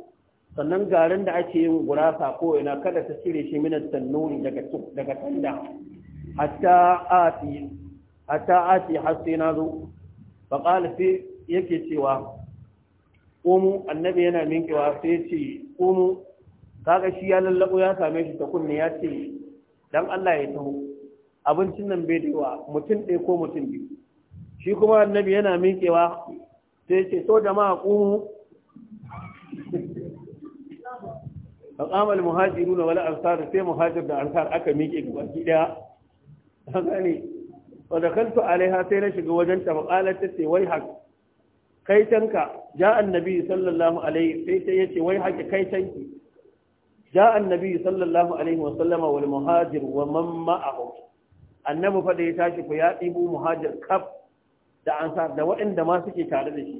sannan garin da ake yin gurasa ko ina kada ta cire shi minan tannuri daga daga tanda hatta ati hatta ati har sai na zo faƙala sai yake cewa ƙomu annabi yana minkewa sai ce ƙomu kaga shi ya lallabo ya same shi ta kunne ya ce dan Allah ya taho abincin nan bai da yawa mutum ɗaya ko mutum biyu shi kuma annabi yana minkewa sai ce so jama'a ƙomu فقام المهاجرون ولا sai muhajir da ده aka miƙe ميكي قبل كده هذا fadakantu alaiha sai na shiga wajen ta maqalat ta ce wai haka kai tanka ja annabi sallallahu alaihi sai ya ce wai haka kai tanki ja annabi sallallahu alaihi wa sallama wal muhajir wa man ma'ahu annabi fa da ya tashi ku ya dibu muhajir kaf da ansar da waɗanda ma suke tare da shi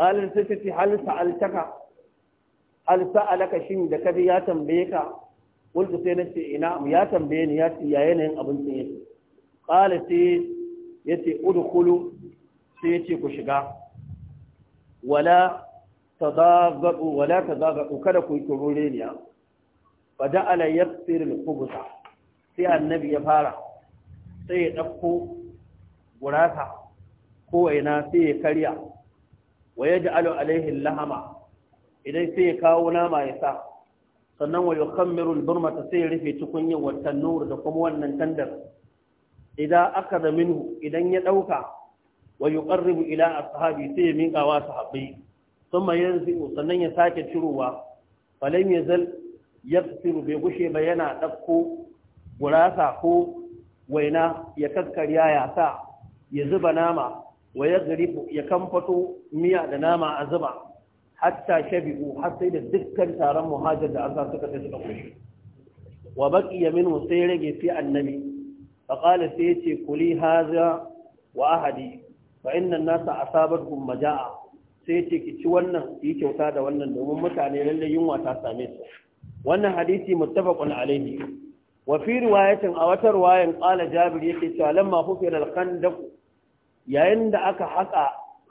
qalat sai ta ce hal sa'altaka hal sa'alaka shin da kadi ya tambaye ka qultu sai ce ina ya tambaye ni ya ce yayin abin abincin yake ƙala sai ya ce udkhulu sai ya ce ku shiga wala tazagadu wala tazagadu kada ku yi turureniya fa da'ala yaqtir al kubuta sai annabi ya fara sai ya ɗauko gurata. ko waina sai ya karya wa ya ji alo alaihin lahama idan sai ya kawo nama ya sa sannan wa yukhammiru al-burmata sai ya rufe yin wata, nur da kuma wannan tandar idan aka da minhu idan ya ɗauka wa yi ƙarribu ila a sahabi sai ya miƙa wa sahabai sun yanzu sannan ya sake cirowa falon ya zal ya tsiru bai gushe ba yana ɗauko gurasa ko waina ya kakkarya ya sa ya zuba nama wa ya garibu ya kamfato miya da nama a zuba hatta shabi'u har sai da dukkan taron muhajir da aka suka sai suka kushe wa baqiya minhu sai rage fi annabi faƙala sai ya ce kuli haza wa ahadi ba inda nasa asabatkum majaa sai ce ki ci wannan yi kyauta da wannan domin mutane lalle yunwa ta same su wannan hadisi muttafaqun alaihi wa fi riwayatin a wata riwayan ƙala jabir yake cewa lamma hufira da khandaq yayin da aka haka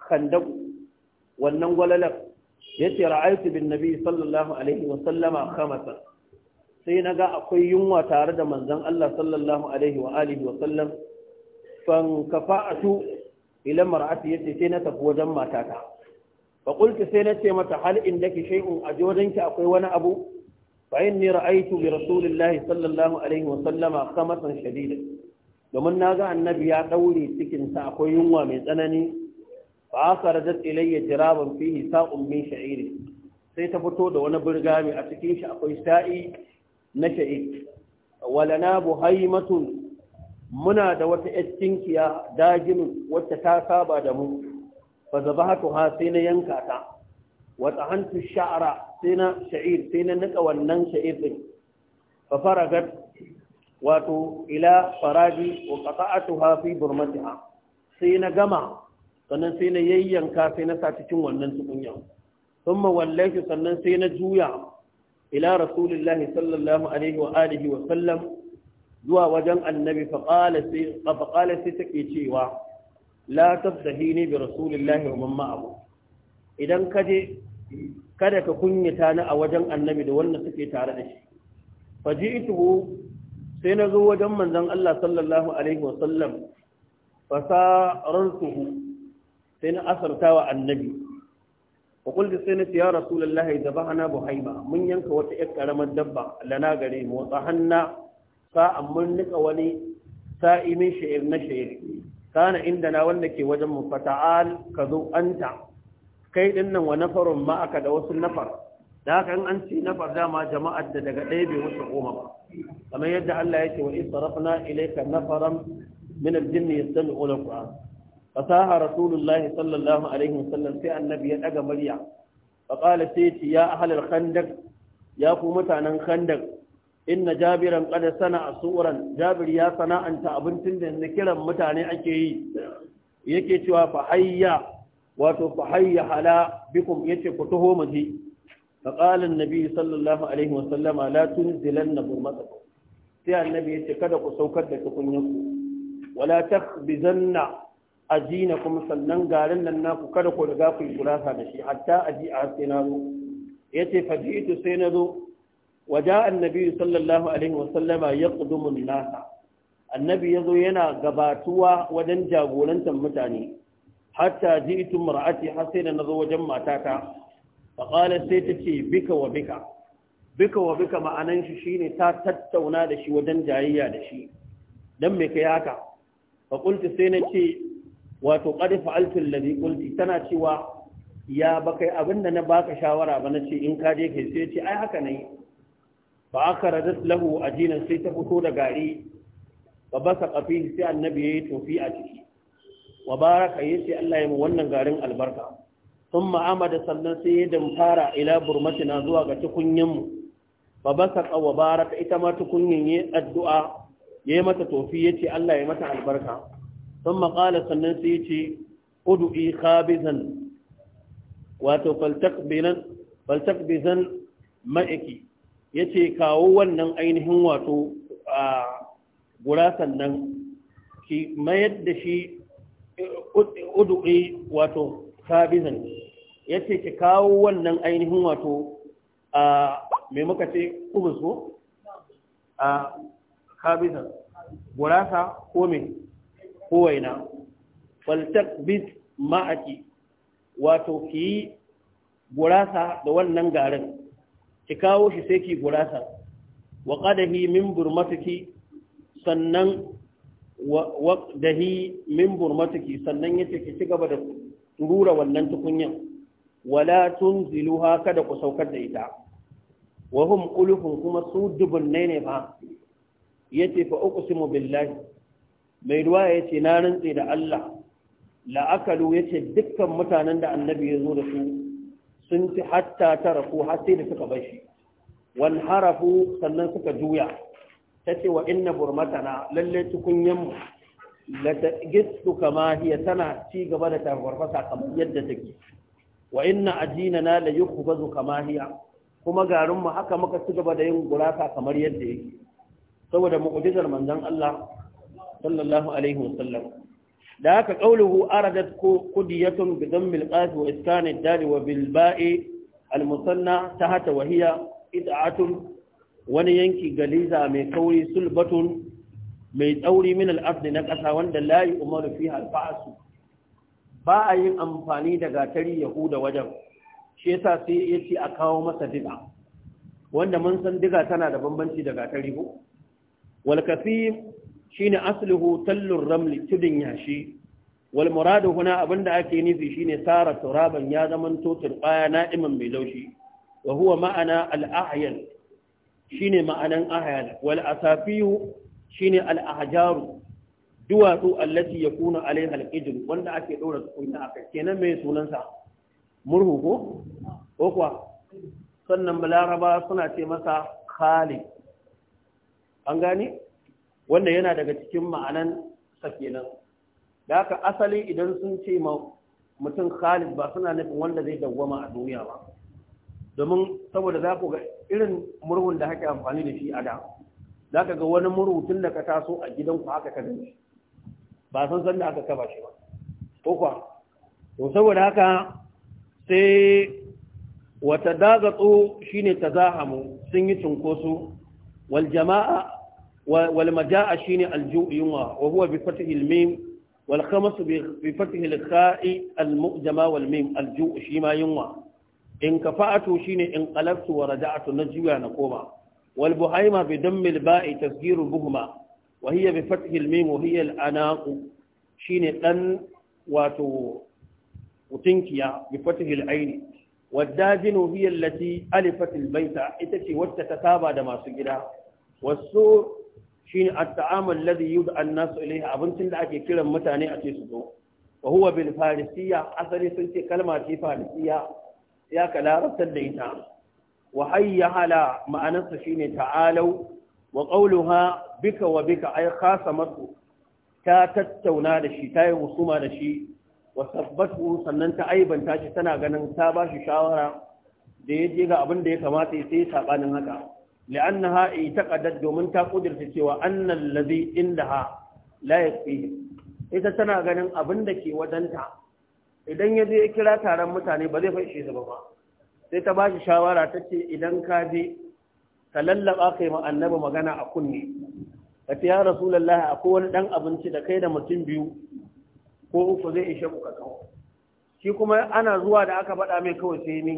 khandaq wannan gwalalar yace ra'aytu bin nabi sallallahu alaihi wa sallama kamata. sai na ga akwai yunwa tare da manzon Allah sallallahu alaihi wa alihi wa sallam fan kafa'atu ila sai na tafi wajen matata fa sai na ce mata hal indaki shay'un a jodanki akwai wani abu Bayan ni ra'aytu bi rasulillahi sallallahu alaihi wa sallama khamatan shadida domin na ga annabi ya daure cikin akwai yunwa mai tsanani fa akhrajat ilayya jiraban fihi sa'un min sha'iri sai ta fito da wani birgami a cikin shi akwai sa'i na sha'id na buhaimatun muna da wata yastinkiya dajinin wacce ta saba da mu fa ha sai na yanka ta wa tahantu sha'ra sai na sha'ir sai na nika wannan sha'ir din fa faragat wato ila faraji wa hafi fi burmatiha sai na gama sannan sai na yayyanka sai na sa cikin wannan tukunya thumma wallahi sannan sai na juya ila rasulillahi sallallahu alaihi wa alihi wa sallam zuwa wajen annabi faƙala sai take cewa la tabdahi ne bi rasulillahi wa mamma abu idan ka je kada ka kunyata ni a wajen annabi da wanda suke tare da shi Fa faji'tuhu sai na zo wajen manzon Allah sallallahu alaihi wa sallam fasarantuhu sai na asartawa annabi wa kulli sai nace ya rasulullahi zabahana buhaima mun yanka wata yar karamar dabba lana gare mu wa hanna sa'an mun nika wani sa'imin sha'ir na sha'ir kana inda na wanda ke wajen mu fata'al ka anta kai din nan wa nafarun ma aka da wasu nafar da haka in an ce nafar dama jama'ar da daga ɗaya bai wuce goma ba kamar yadda Allah ya ce wa in na ilayka nafaran min al-jinni yastami'una al-qur'an fasaha rasulullahi sallallahu alaihi wasallam sai annabi ya daga murya faqala sai ce ya ahlal khandaq ya ku mutanen khandaq inna jabiran qad sana'a su'ran jabir ya sana'anta abincin da na kiran mutane ake yi yake cewa fa wato fa hayya hala yace ku taho maji فقال النبي صلى الله عليه وسلم لا تنزلن برمتكم sai annabi ya ce kada ku saukar da tukunyarku wala takhbizanna na kuma sannan garin nan naku kada ku riga ku yi gurasa da shi hatta aji a haske na zo yace fajitu sai na zo Waje annabi sallallahu alaihi wasallama yaqdumu an-nasa annabi yazo yana gabatuwa wajen jagorantar mutane hatta ji'tu mar'ati har sai da nazo wajen matata faqala sai ta ce bika wa bika bika wa bika ma'anan shi shine ta tattauna da shi wajen jayayya da shi dan me kai haka fa sai na ce wato qad alfin alladhi qulti tana cewa ya bakai abinda na baka shawara ba nace in ka je kai sai ce ai haka ne fa akhradat lahu ajinan sai ta fito da gari ba sa qafi sai annabi yi tofi a ciki wa baraka ce Allah ya mu wannan garin albarka thumma amada sannan sai ya damfara ila burmatina zuwa ga tukunyan Ba ba sa wa baraka ita ma tukunyan yayi addu'a yayi mata tofi yace Allah ya mata albarka ثم قال sannan sai ادعي ce udu'i khabizan wato faltakbizan ma'aiki ya ce kawo wannan ainihin wato a gurasan nan ki mayar da shi udu'i wato khabizan ya ce ki kawo wannan ainihin wato a mai muka ce kubusu a khabizan gurasa ko mai kowaina faltak bit ma'aki wato ki yi gurasa da wannan garin ki kawo shi sai ki gurasa wa qadahi min burmatiki sannan wa dahi min burmatiki sannan yace ki ci gaba da turura wannan tukunyan wala tunziluha kada ku saukar da ita wa hum ulufun kuma su nene ne fa yace fa uqsimu billahi mai ruwa ya ce na rantse da Allah la'akalu ya ce dukkan mutanen da annabi ya zo da su sun ci hatta ta rafu har da suka bar shi wani harafu sannan suka juya ta ce wa inna burmatana lalle tukunyanmu la ta gistu kama hiya tana ci gaba da tafarfasa kamar yadda take wa inna ajinana la yukhbazu kama hiya kuma garinmu haka muka ci gaba da yin gurasa kamar yadda yake saboda mu'ujizar manzon Allah sallallahu alaihi wasallam da haka qauluhu aradat ko qudiyatun bi dhammil qaf wa iskan ad-dal wa bil ba'i al-musanna tahta wa hiya id'atun wani yanki galiza mai kauri sulbatun mai tsauri min al-ardi na kasa wanda la yu'maru fiha al-fa'su ba a yin amfani da gatari yahuda wajen shi yasa sai ya a kawo masa diga wanda mun san diga tana da bambanci da gatari ko wal kafif shine asluhu tallur ramli tudin yashi wal muradu huna abinda ake nufi shine sara turaban ya zaman to turbaya na'iman mai laushi wa huwa ma'ana al ahyan shine ma'anan ahyan wal asafiyu shine al ahjaru duwatsu allati yakunu alaiha al ijru wanda ake dora tukunya akai kenan mai sunansa murhu ko ko kwa? sannan balaraba suna ce masa khali an gane wanda yana daga cikin ma'anan sakinan da aka asali idan sun ce ma mutum khalid ba suna nufin wanda zai dawwama a duniya ba domin saboda za ku ga irin murhun da haka amfani da shi a da za ka ga wani murhu tun da ka taso a gidanku haka ka gani ba san san da aka kaba shi ba ko kwa to saboda haka sai wata dagatsu shine tazahamu sun yi cunkoso wal jama'a wal majaa shine alju'u yunwa wa huwa bi fathil mim wal khamas bi fathil kha'i al mu'jama wal mim alju'u shima yunwa in kafa'atu shine in qalaftu wa raja'tu najwa na koma wal buhaima bi dammil ba'i tasgiru buhma wa hiya bi fathil mim wa hiya al anaqu shine dan wato baita ita ce wacce ta saba da masu gida wasu shine at-ta'amul ladhi yud'a an-nasu abincin da ake kiran mutane a ce su zo wa huwa bil farisiyya asali sun ce kalma ce farisiyya ya kalarabtar da ita wa hayya hala ma'anarsa shine ta'alau wa qawluha bika wa bika kasa khasamatu ta tattauna da shi ta yi husuma da shi wa sabbatu sannan ta aibanta shi tana ganin ta ba shi shawara da ya je ga abin da ya kamata ya sai saɓanin haka لأنها اعتقدت دومن تا قدرت cewa annal ladhi indaha la yakfi ita tana ganin abin da ke wajenta idan ya kira taron mutane ba zai fashe su ba sai ta bashi shawara ta ce idan ka je ka lallaba kai annabi magana a kunne ka ce ya rasulullah akwai wani dan abinci da kai da mutum biyu ko uku zai ishe ku ka kawo shi kuma ana zuwa da aka faɗa mai kawai sai ni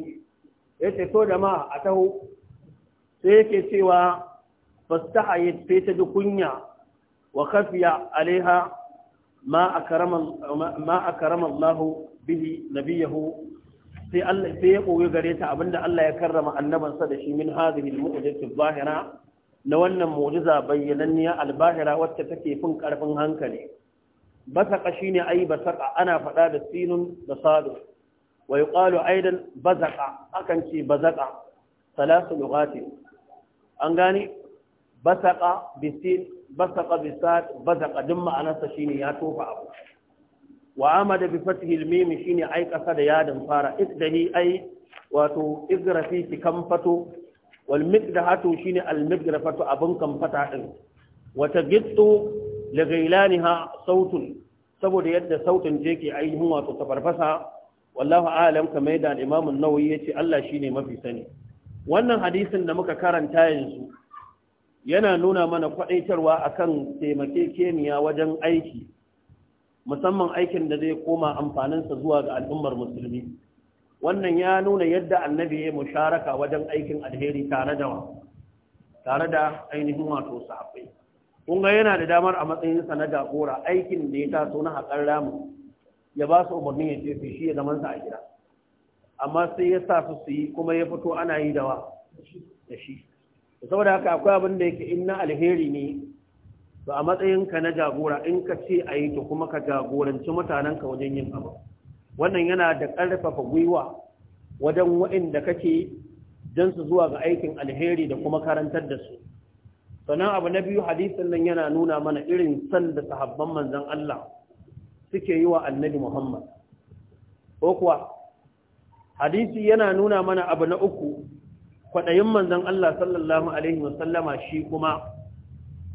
ya ce to da ma a taho sai yake cewa fastahayat sai ta dukunya kunya wa khafiya alaiha ma a ma Allah bihi nabiyahu sai Allah sai ya koyi gare ta abinda Allah ya karrama annabansa da shi min hadhihi al-mu'jizati zahira na wannan mu'jiza bayyananniya al-bahira wacce take fin karfin hankali Basaƙa shine ai basaka ana faɗa da sinun da sadu wa yuqalu aidan Bazaƙa akan ce bazaka salasu lughati an gani basaka bisin basaka bisat basaka duk ma'anarsa shine ya tofa abu wa amada bi fathil mim shine ai kasa da yadin fara ikdahi ai wato igrafi ki kamfato wal miqdahatu shine al miqdafatu abun kamfata din wata gittu li ghailaniha sautun saboda yadda sautin je ke ainihin wato tafarfasa wallahu a'lam kamar da al imam ya nawawi yace Allah shine mafi sani wannan hadisin da muka karanta yanzu yana nuna mana kwaɗaitarwa akan taimakekeniya wajen aiki musamman aikin da zai koma amfaninsa zuwa ga al'ummar musulmi wannan ya nuna yadda annabi ya musharaka wajen aikin alheri tare da tare da ainihin wato sahabbai kun ga yana da damar a matsayin sa na jagora aikin da ya taso na haƙar ramu ya ba su umarni ya ce shi ya zaman sa a gida amma sai ya sa su su yi kuma ya fito ana yi dawa da shi saboda haka akwai abin da yake inna alheri ne to a ka na jagora in ka ce a yi to kuma ka jagoranci mutanenka wajen yin abu wannan yana da ƙarfafa gwiwa wajen waɗanda kake don su zuwa ga aikin alheri da kuma karantar da su sannan abu na biyu hadisin nan yana nuna mana irin san da sahabban manzon Allah suke yi wa annabi Muhammad ko kuwa hadisi yana nuna mana abu na uku kwaɗayin manzon Allah sallallahu alaihi wasallama shi kuma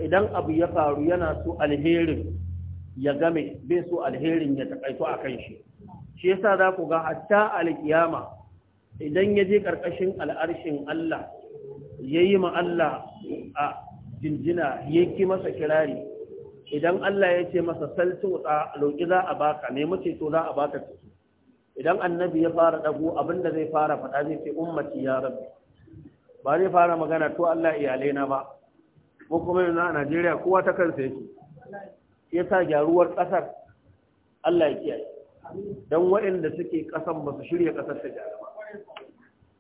idan abu ya faru yana so alherin ya game bai so alherin ya takaito a kan shi shi yasa za ku ga hatta alkiyama idan ya je ƙarƙashin al'arshin Allah ya yi ma Allah a jinjina ya ki masa kirari idan Allah ya ce masa salto a roƙi za a baka mace to za a baka idan annabi ya fara dago da zai fara faɗa zai ce ummati ya rabbi ba zai fara magana to Allah iyalai na ba ko kuma yanzu a Najeriya kowa ta kansa yake ya sa gyaruwar ƙasar Allah ya kiyaye don waɗanda suke ƙasan ba su shirya ƙasar ta gyara ba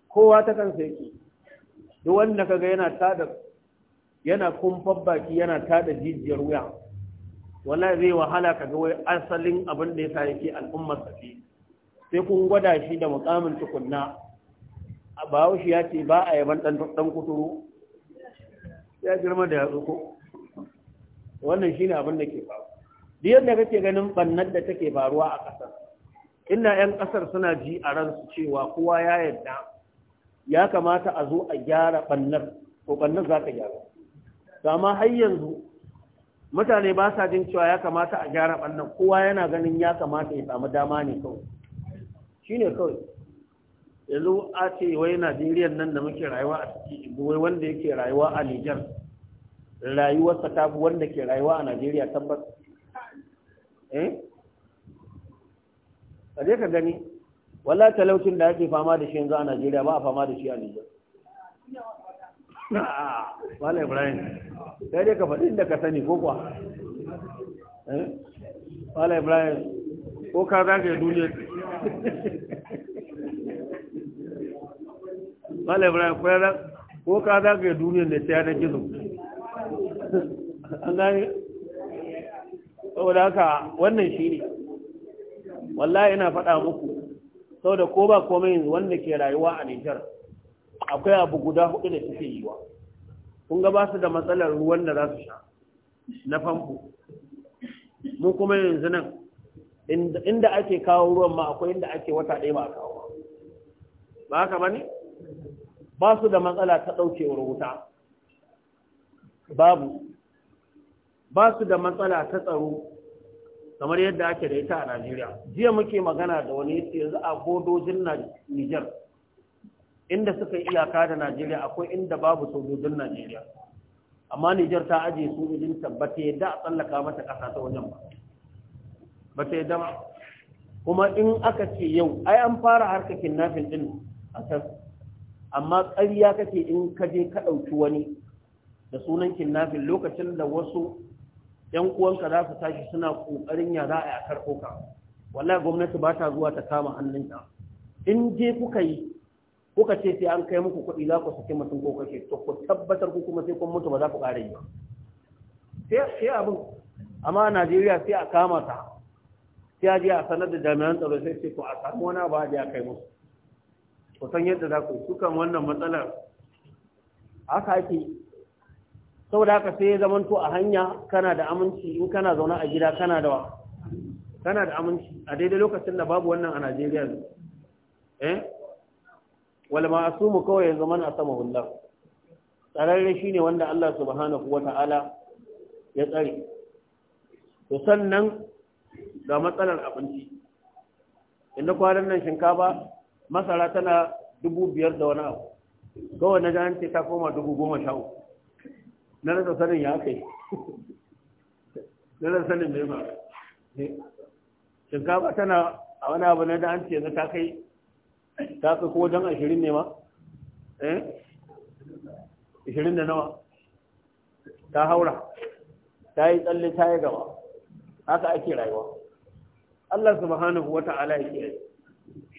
kowa ta kansa yake duk wanda kaga yana tada yana kumfan baki yana tada jijiyar wuya wallahi zai wahala kaga wai asalin abin da ya sa yake al'ummar sa sai kun gwada shi da mukamin tukunna a bahaushe ya ce ba a yaban ɗan kuturu ya girma da yatsu ko wannan shi ne abin da ke faru Biyar da kake ganin bannan da take faruwa a ƙasar Ina 'yan ƙasar suna ji a ransu cewa kowa ya yadda ya kamata a zo a gyara bannar ko bannar za ta gyara amma har yanzu mutane ba sa jin cewa ya kamata a gyara bannar kowa yana ganin ya kamata ya samu dama ne kawai Shi ne kawai yanzu a ce wai najeriya nan da muke rayuwa a ciki wai wanda yake rayuwa a nijar rayuwarsa ta fi wanda ke rayuwa a najeriya tabbas eh kaje ka gani wala talaucin da ake fama da shi yanzu a najeriya ba a fama da shi a nijar Wala Ibrahim, sai dai ka faɗi da ka sani ko kuwa. Wala eh? Ibrahim, ko ka yi duniya Mala Ibrahim ko ya ko ka yi duniya da ta yanar gizo. An gani? da haka wannan shi ne. Wallahi ina faɗa muku, da ko ba komai yanzu wanda ke rayuwa a Nijar, akwai abu guda hudu da suke yi wa. Kun ga ba su da matsalar ruwan da za su sha na famfo. Mu kuma yanzu nan, inda ake kawo ruwan ma akwai inda ake wata ɗaya ba a kawo ba haka ba ne ba su da matsala ta ɗaukewar wuta babu ba su da matsala ta tsaro kamar yadda ake da ita a Najeriya. Jiya muke magana da wani yace yanzu a godojin Nijar inda suka yi iyaka da Najeriya akwai inda babu sojojin Najeriya. Amma Nijar ta aje sojojin tabbata yadda a tsallaka mata ƙasa ta wajen ba. ba ta yadda kuma in aka ce yau ai an fara harkakin kidnapping din a can amma ƙarya kake in ka je ka ɗauki wani da sunan kinnafin? lokacin da wasu ‘yan uwanka za su tashi suna ƙoƙarin ya za a yi a karɓo ka wallahi gwamnati ba ta zuwa ta kama hannunka in je kuka yi kuka ce sai an kai muku kuɗi za ku saki mutum ko kake? to ku tabbatar ku kuma sai kun mutu ba za ku ƙara yi ba sai abin amma a najeriya sai a kama ta sai je a sanar da jami'an tsaro sai ce to a samu wani abu a kai musu ku san yadda za ku sukan wannan matsalar haka ake saboda haka sai ya zamanto a hanya kana da aminci in kana zaune a gida kana da kana da aminci a daidai lokacin da babu wannan a Najeriya ne eh wal ma'asumu kawai ya zama a sama hullah tsararre shine wanda Allah subhanahu wata'ala ya tsare to sannan ga matsalar abinci inda kwanan nan shinkafa masara tana dubu biyar da wani abu kawai na jan ce ta koma dubu goma sha uku na rasa sanin ya kai na rasa sanin mai ma shinkafa tana a wani abu na jan ce na ta kai ta kai ko jan ashirin ne ma eh ashirin da nawa ta haura ta yi tsalle ta yi gaba haka ake rayuwa Allah subhanahu wa ta'ala ya kiyaye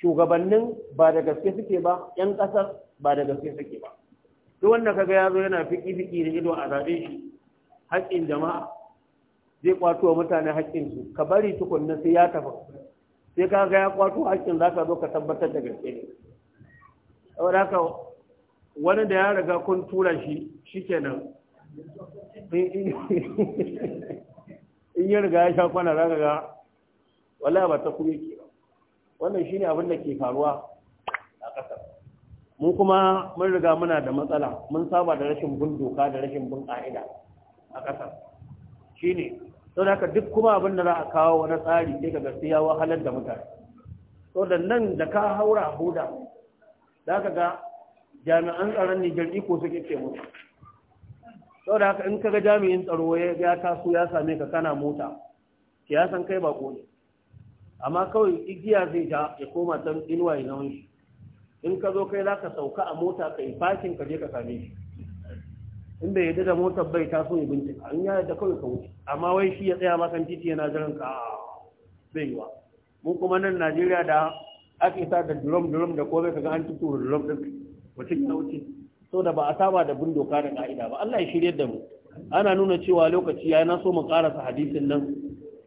shugabannin ba da gaske suke ba yan ƙasar ba da gaske suke ba duk wanda kaga yazo yana fiki fiki da ido a zabe shi haƙƙin jama'a zai kwato wa mutane haƙƙin su ka bari tukunna sai ya tafi sai ka ga ya kwato haƙƙin zaka zo ka tabbatar da gaske ne saboda haka wani da ya riga kun tura shi shikenan in ya riga ya sha kwana za ga wallahi ba ta kuma yake ba wannan shine abin da ke faruwa a ƙasar mu kuma mun riga muna da matsala mun saba da rashin bin doka da rashin bin ƙa'ida a ƙasar shine sau da duk kuma abin da za a kawo wani tsari sai ka gasu ya wahalar da mutane sau da nan da ka haura huda za ka ga jami'an tsaron nijar iko suke ce musu sau da haka in kaga jami'in tsaro ya taso ya same ka kana mota ya kai bako ne amma kawai igiya zai ja ya koma can inuwa ya zaman shi in ka zo kai za ka sauka a mota ka yi fakin ka je ka same shi in bai yadda da motar bai taso ya bincika an ya yadda kawai ka wuce amma wai shi ya tsaya makan titi yana jiran ka ah, bai yiwa mu kuma nan najeriya da ake sa da drum drum da kome ga an tutu drum din mutum ya wuce so da ba a saba da bin doka da ka'ida ba Allah ya shiryar da mu ana nuna cewa lokaci ya na so mu karasa hadisin nan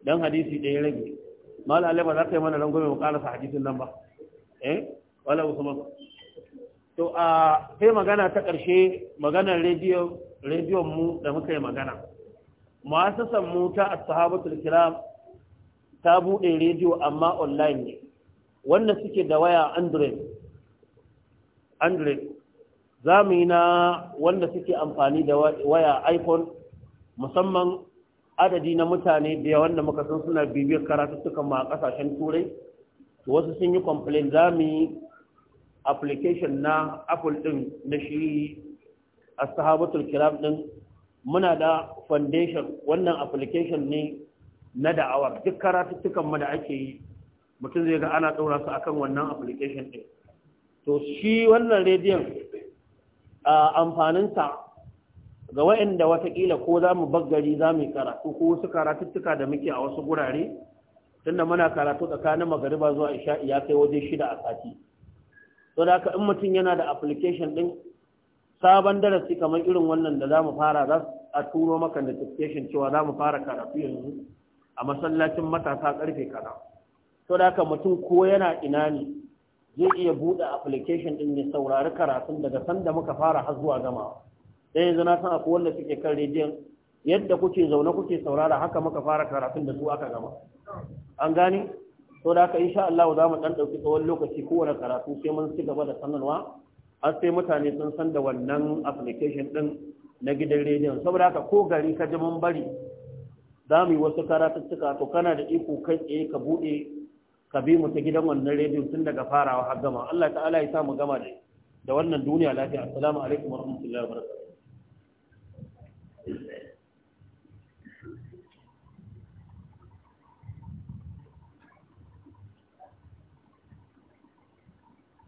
dan hadisi da ya rage mal alai ba za ta yi mana rangwame mu hadisin nan ba eh wala usman to a sai magana ta ƙarshe maganar rediyon mu da muka yi magana mu'assasan mu ta ashabatul kiram ta bude rediyo amma online ne wanda suke da waya android android za mu yi na wanda suke amfani da waya iphone musamman adadi na mutane da yawan da muka san suna bibiyar karatuttukan ma a kasashen turai wasu sun yi complain za mu yi application na apple din na shi a sahabatul kiram din muna da foundation wannan application ne na da'awar duk karatuttukan mu da ake yi mutum zai ga ana ɗaura su akan wannan application din to shi wannan rediyon a amfaninsa ga waɗanda watakila ko za mu baggari za mu yi karatu ko wasu karatuttuka da muke a wasu gurare tunda muna karatu tsakanin magariba zuwa isha ya kai waje shida a sati to da haka in mutum yana da application din sabon darasi kamar irin wannan da za mu fara za a turo maka notification cewa za mu fara karatu yanzu a masallacin matasa karfe kaza to da haka mutum ko yana ina ne zai iya buɗe application din ya saurari karatun daga sanda muka fara har zuwa gamawa sai yanzu na san akwai wanda suke kan rediyon yadda kuke zaune kuke saurara haka muka fara karatun da su aka gama an gane to da haka insha Allah za mu dan dauki tsawon lokaci kowane karatu sai mun ci gaba da sanarwa har sai mutane sun san da wannan application din na gidan rediyon saboda haka ko gari ka ji mun bari za mu yi wasu karatuttuka to kana da iko kai tsaye ka buɗe ka bi mu ta gidan wannan rediyon tun daga farawa har gama Allah ta'ala ya sa mu gama da wannan duniya lafiya assalamu alaikum warahmatullahi wabarakatuh business.